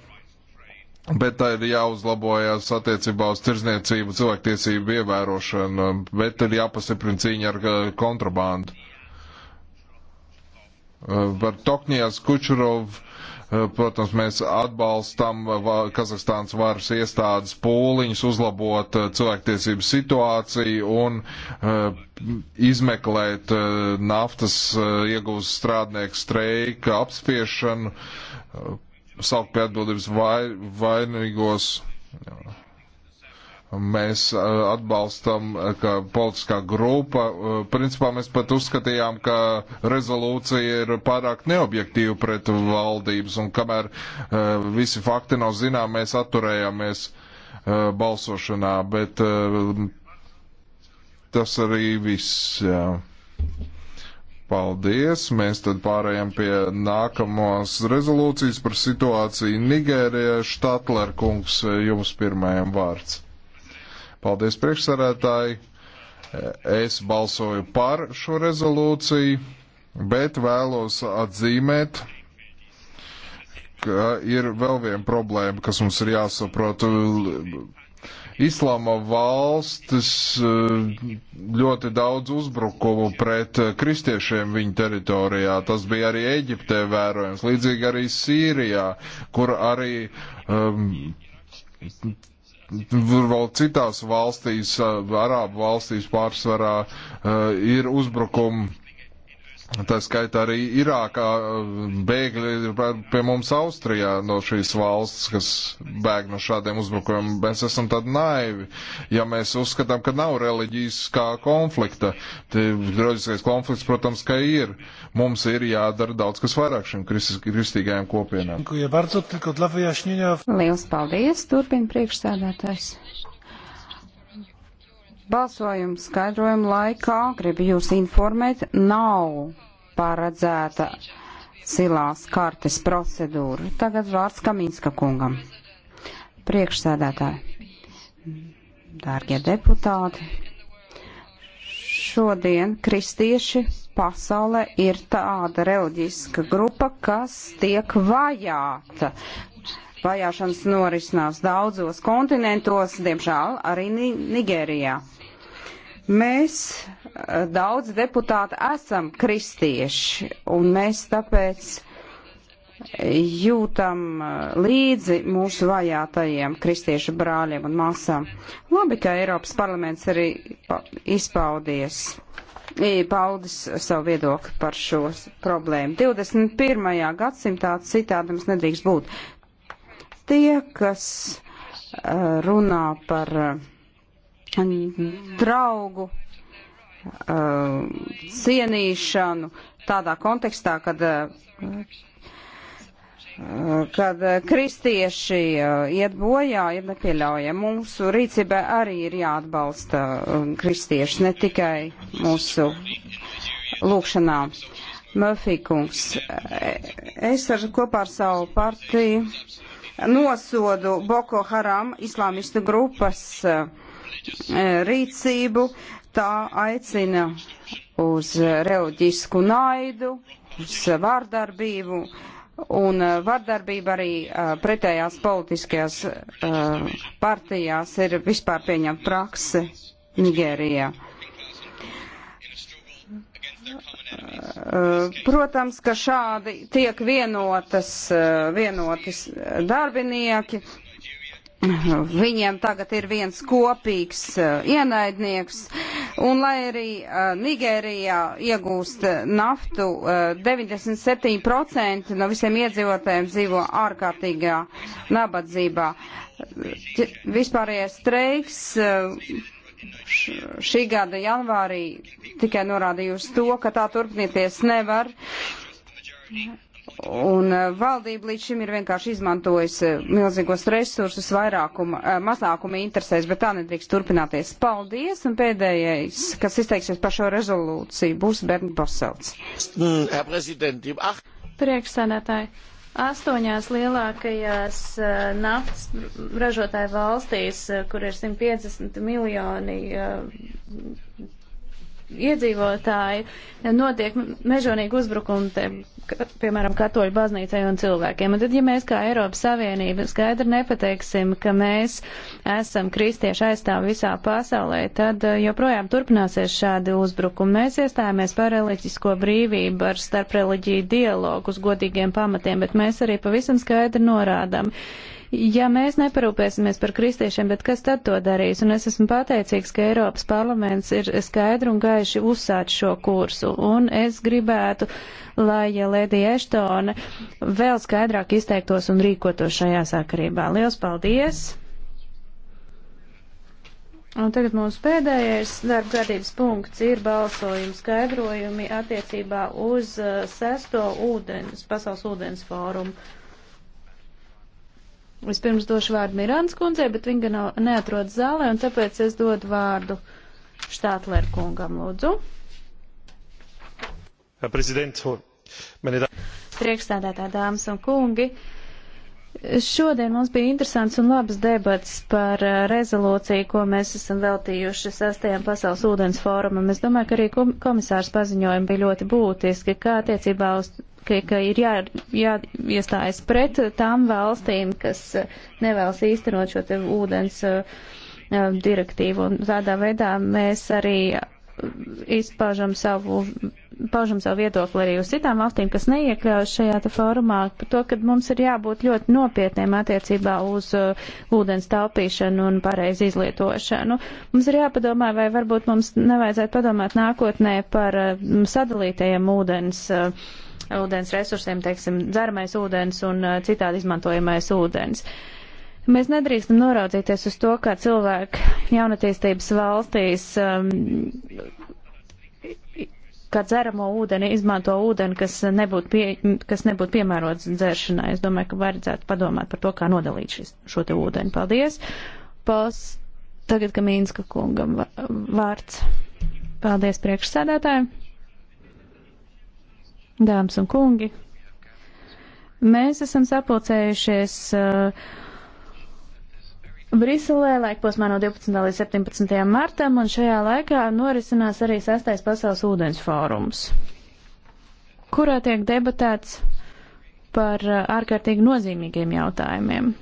Bet tā ir jāuzlabojas attiecībā uz tirzniecību, cilvēktiesību ievērošanu, bet ir jāpastiprina cīņa ar uh, kontrabandu. Uh, par Toknijas Kučerovu, uh, protams, mēs atbalstam Kazahstānas varas iestādes pūliņus uzlabot cilvēktiesību situāciju un izmeklēt naftas iegūst strādnieku streika apspiešanu saukt pie atbildības vai, vainīgos. Jā. Mēs uh, atbalstam, uh, ka politiskā grupa, uh, principā mēs pat uzskatījām, ka rezolūcija ir pārāk neobjektīva pret valdības, un kamēr visi fakti nav zinām, mēs atturējāmies balsošanā, bet tas arī viss. Jā. Paldies! Mēs tad pārējām pie nākamos rezolūcijas par situāciju Nigērijā. Štatler kungs, jums pirmajam vārds. Paldies, priekšsarētāji! Es balsoju par šo rezolūciju, bet vēlos atzīmēt, ka ir vēl viena problēma, kas mums ir jāsaprot Islāma valstis eh, ļoti daudz uzbrukumu pret eh, kristiešiem viņa teritorijā. Tas bija arī Eģiptē vērojams, līdzīgi arī Sīrijā, kur arī um, vēl citās valstīs, eh, arābu valstīs pārsvarā uh, ir uzbrukumi Tā skaitā arī Irākā uh, bēgļi ir pie mums Austrijā no šīs valsts, kas bēg no šādiem uzbrukumiem. Mēs esam tādi naivi, ja mēs uzskatām, ka nav reliģijas kā konflikta. Reliģiskais konflikts, protams, ka ir. Mums ir jādara daudz kas vairāk šīm kristīgajām kopienām. Lielas paldies, turpina priekšsēdētājs. Balsojumu skaidrojumu laikā, gribu jūs informēt, nav paredzēta silās kartes procedūra. Tagad vārds Kaminska kungam. Priekšsēdētāji, dārgie deputāti, šodien kristieši pasaulē ir tāda reliģiska grupa, kas tiek vajāta. Vajāšanas norisinās daudzos kontinentos, diemžēl arī Nigērijā. Ni Mēs eh, daudz deputāti esam kristieši, un mēs tāpēc jūtam eh, līdzi mūsu vajātajiem kristiešu brāļiem un māsām. Labi, ka Eiropas parlaments arī izpaudies paudis savu viedokli par šo problēmu. 21. gadsimtā citādi mums nedrīkst būt. Tie, kas eh, runā par draugu uh, cienīšanu tādā kontekstā, kad, uh, uh kad kristieši uh, iet bojā, ir nepieļaujami. Mūsu rīcība arī ir jāatbalsta uh, kristieši, ne tikai mūsu lūkšanā. Murphy kungs, es ar kopā ar savu partiju nosodu Boko Haram islāmistu grupas uh, E, rīcību, tā aicina uz reliģisku naidu, uz vārdarbību, un e, vārdarbība arī e, pretējās politiskajās partijās ir vispār pieņemta prakse Nigērijā. Protams, ka šādi tiek vienotas, vienotas darbinieki, Viņiem tagad ir viens kopīgs uh, ienaidnieks, un lai arī uh, Nigērijā iegūst eh, naftu, uh, 97% no visiem iedzīvotājiem dzīvo ārkārtīgā nabadzībā. T vispārējais streiks šī gada janvārī tikai norādīja uz to, ka tā turpināties nevar Un eh, valdība līdz šim ir vienkārši izmantojusi eh, milzīgos resursus vairākuma, eh, mazākuma interesēs, bet tā nedrīkst turpināties. Paldies, un pēdējais, kas izteiksies par šo rezolūciju, būs Berni Boselts. Mm, Priekšsēdētāji, astoņās lielākajās naftas ražotāju valstīs, kur ir 150 miljoni iedzīvotāji, notiek mežonīgi uzbrukumi ka, piemēram, katoļu baznīcai un cilvēkiem. Un tad, ja mēs kā Eiropas Savienība skaidri nepateiksim, ka mēs esam kristieši aizstāvi visā pasaulē, tad eh, joprojām turpināsies šādi uzbrukumi. Mēs iestājāmies par reliģisko brīvību, ar starpreļģiju dialogu uz godīgiem pamatiem, bet mēs arī pavisam skaidri norādām, ja mēs neparūpēsimies par kristiešiem, bet kas tad to darīs? Un es esmu pateicīgs, ka Eiropas parlaments ir skaidri un gaiši uzsācis šo kursu. Un es gribētu, lai Lēdija Eštone vēl skaidrāk izteiktos un rīkotos šajā sakarībā. Liels paldies! Un tagad mūsu pēdējais darba gadības punkts ir balsojuma skaidrojumi attiecībā uz uh, sesto ūdens, pasaules ūdens fórumu. Vispirms došu vārdu Mirāns kundzei, bet viņa gan neatrodas zālē, un tāpēc es dodu vārdu Štātler kungam, lūdzu. Herr Präsident, Priekšstādātā dāmas un kungi, šodien mums bija interesants un labs debats par eh, rezolūciju, ko mēs esam veltījuši sastajam pasaules ūdens fórumam. Es domāju, ka arī komisārs paziņojumi bija ļoti būtiski, kā attiecībā uz ka, ka ir jā, jāiestājas pret tām valstīm, kas eh, nevēlas īstenot šo te ūdens uh, direktīvu. Un tādā veidā mēs arī izpaužam savu, paužam savu viedokli arī uz citām valstīm, kas neiekļaujas šajā te fórumā, par to, ka mums ir jābūt ļoti nopietniem attiecībā uz uh, ūdens taupīšanu un pareizi izlietošanu. Mums ir jāpadomā, vai varbūt mums nevajadzētu padomāt nākotnē par uh, sadalītajiem ūdens. Uh, ūdens resursiem, teiksim, dzeramais ūdens un uh, citādi izmantojamais ūdens. Uh, Mēs nedrīkstam noraudzīties uz to, kā cilvēki jaunatīstības valstīs, um, kā dzeramo ūdeni, izmanto ūdeni, kas nebūtu, pie, kas nebūtu piemērots dzeršanai. Es domāju, ka vajadzētu padomāt par to, kā nodalīt šis, šo te ūdeni. Paldies! Pals, tagad Kamīnska kungam vārds. Paldies priekšsēdētājiem! Dāmas un kungi! Mēs esam sapulcējušies. Uh, Briselē laikposmā no 12. līdz 17. martam, un šajā laikā norisinās arī 6. pasaules ūdens fórums, kurā tiek debatēts par ārkārtīgi nozīmīgiem jautājumiem.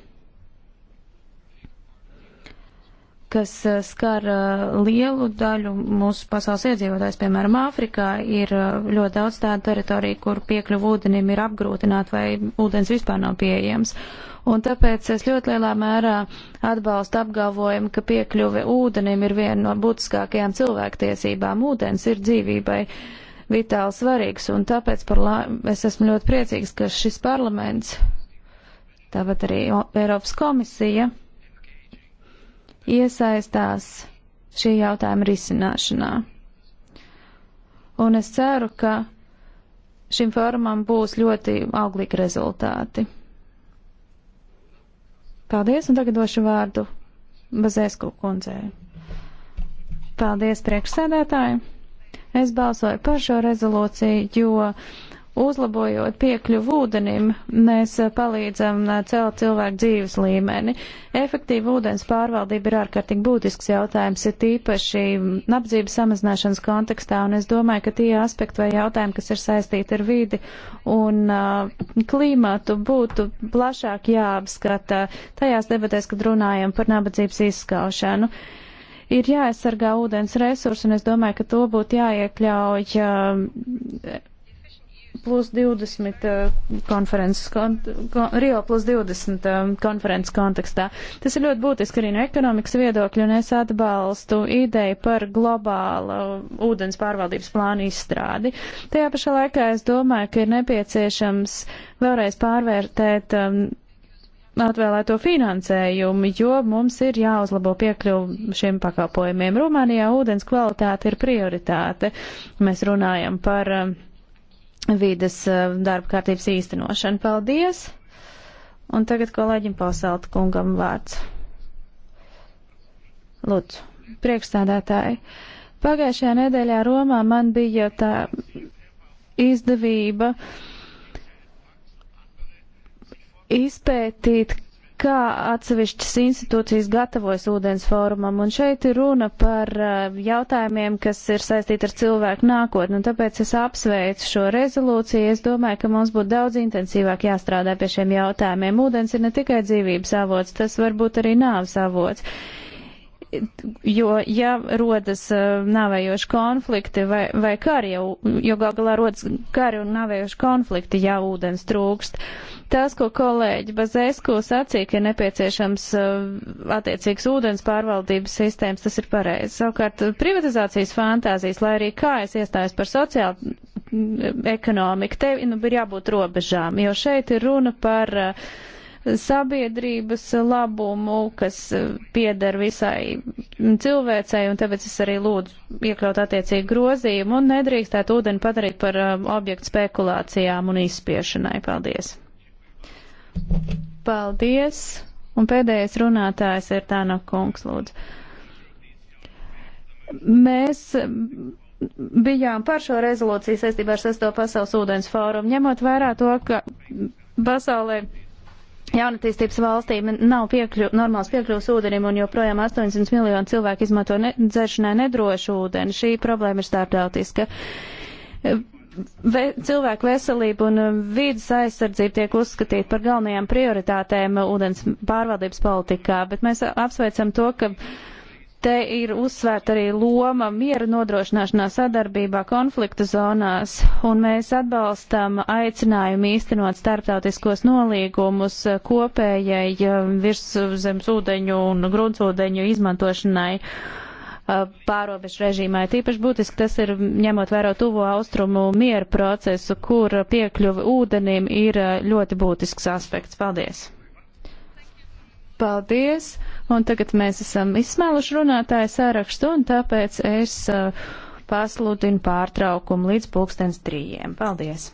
kas eh, skar eh, lielu daļu mūsu pasaules iedzīvotājs, piemēram, Āfrikā, ir eh, ļoti daudz tādu teritoriju, kur piekļuvu ūdenim ir apgrūtināta vai ūdens vispār nav pieejams. Un tāpēc es ļoti lielā mērā atbalstu apgalvojumu, ka piekļuve ūdenim ir viena no būtiskākajām cilvēktiesībām. Ūdens ir dzīvībai vitāli svarīgs, un tāpēc par la... es esmu ļoti priecīgs, ka šis parlaments, tāpat arī Eiropas komisija, iesaistās šī jautājuma risināšanā. Un es ceru, ka šim fórumam būs ļoti auglīgi rezultāti. Paldies, un tagad došu vārdu Bazēsku kundzei. Paldies, priekšsēdētāji! Es balsoju par šo rezolūciju, jo Uzlabojot piekļuvu ūdenim, mēs eh, palīdzam eh, celt cilvēku dzīves līmeni. Efektīva ūdens pārvaldība ir ārkārtīgi būtisks jautājums, ir tīpaši nabadzības samazināšanas kontekstā, un es domāju, ka tie aspekti vai jautājumi, kas ir saistīti ar vidi un uh, klimatu, būtu plašāk jāapskata tajās debatēs, kad runājam par nabadzības izskaušanu ir jāaizsargā ūdens resursi, un es domāju, ka to būtu jāiekļauj plus 20 eh, konferences, kon, kon, Rio plus 20 eh, konferences kontekstā. Tas ir ļoti būtiski arī no ekonomikas viedokļa, un es atbalstu ideju par globālu eh, ūdens pārvaldības plānu izstrādi. Tajā pašā laikā es domāju, ka ir nepieciešams vēlreiz pārvērtēt um, atvēlēto finansējumu, jo mums ir jāuzlabo piekļuvu šiem pakalpojumiem. Rumānijā ūdens kvalitāte ir prioritāte. Mēs runājam par um, vīdes eh, darba kārtības īstenošanu. Paldies! Un tagad kolēģim Pausalta kungam vārds. Lūdzu, priekšstādātāji. Pagājušajā nedēļā Romā man bija tā izdevība izpētīt, kā atsevišķas institūcijas gatavojas ūdens fórumam, un šeit ir runa par eh, jautājumiem, kas ir saistīti ar cilvēku nākotni, un tāpēc es apsveicu šo rezolūciju. Es domāju, ka mums būtu daudz intensīvāk jāstrādā pie šiem jautājumiem. Ūdens ir ne tikai dzīvības avots, tas var būt arī nāves avots. Jo, ja rodas uh, eh, navējoši konflikti vai, vai kari, jo, jo gal galā rodas kari un navējoši konflikti, ja ūdens trūkst, uh, Tas, ko kolēģi Bazēsku sacīja, ka ir nepieciešams uh, attiecīgs ūdens pārvaldības sistēmas, tas ir pareizi. Savukārt uh, privatizācijas fantāzijas, lai arī kā es iestājos par sociālu mm, ekonomiku, te nu, ir jābūt robežām, jo šeit ir runa par uh, sabiedrības labumu, kas pieder visai cilvēcei, un tāpēc es arī lūdzu iekļaut attiecīgi grozījumu un nedrīkstētu ūdeni padarīt par objektu spekulācijām un izspiešanai. Paldies! Paldies! Un pēdējais runātājs ir Tāna Kungs, lūdzu. Mēs bijām par šo rezolūciju saistībā ar 6. pasaules ūdens fórumu, ņemot vērā to, ka pasaulē jaunatīstības valstīm nav piekļu, normāls piekļuvs ūdenim un joprojām 800 miljonu cilvēku izmanto ne, dzeršanai nedrošu ūdeni. Šī problēma ir starptautiska ve cilvēku veselība un um, vīdas aizsardzība tiek uzskatīta par galvenajām prioritātēm ūdens pārvaldības politikā, bet mēs apsveicam to, ka te ir uzsvērta arī loma miera nodrošināšanā sadarbībā konflikta zonās, un mēs atbalstam aicinājumu īstenot starptautiskos nolīgumus kopējai um, virszemes ūdeņu un gruntsūdeņu izmantošanai. Uh, pārobežu režīmā. Tīpaši būtiski tas ir ņemot vērā tuvo austrumu miera procesu, kur piekļuva ūdenim ir ļoti būtisks aspekts. Paldies! Paldies! Un tagad mēs esam izsmēluši runātāju sārakstu, un tāpēc es pasludinu pārtraukumu līdz pulkstens trījiem. Paldies!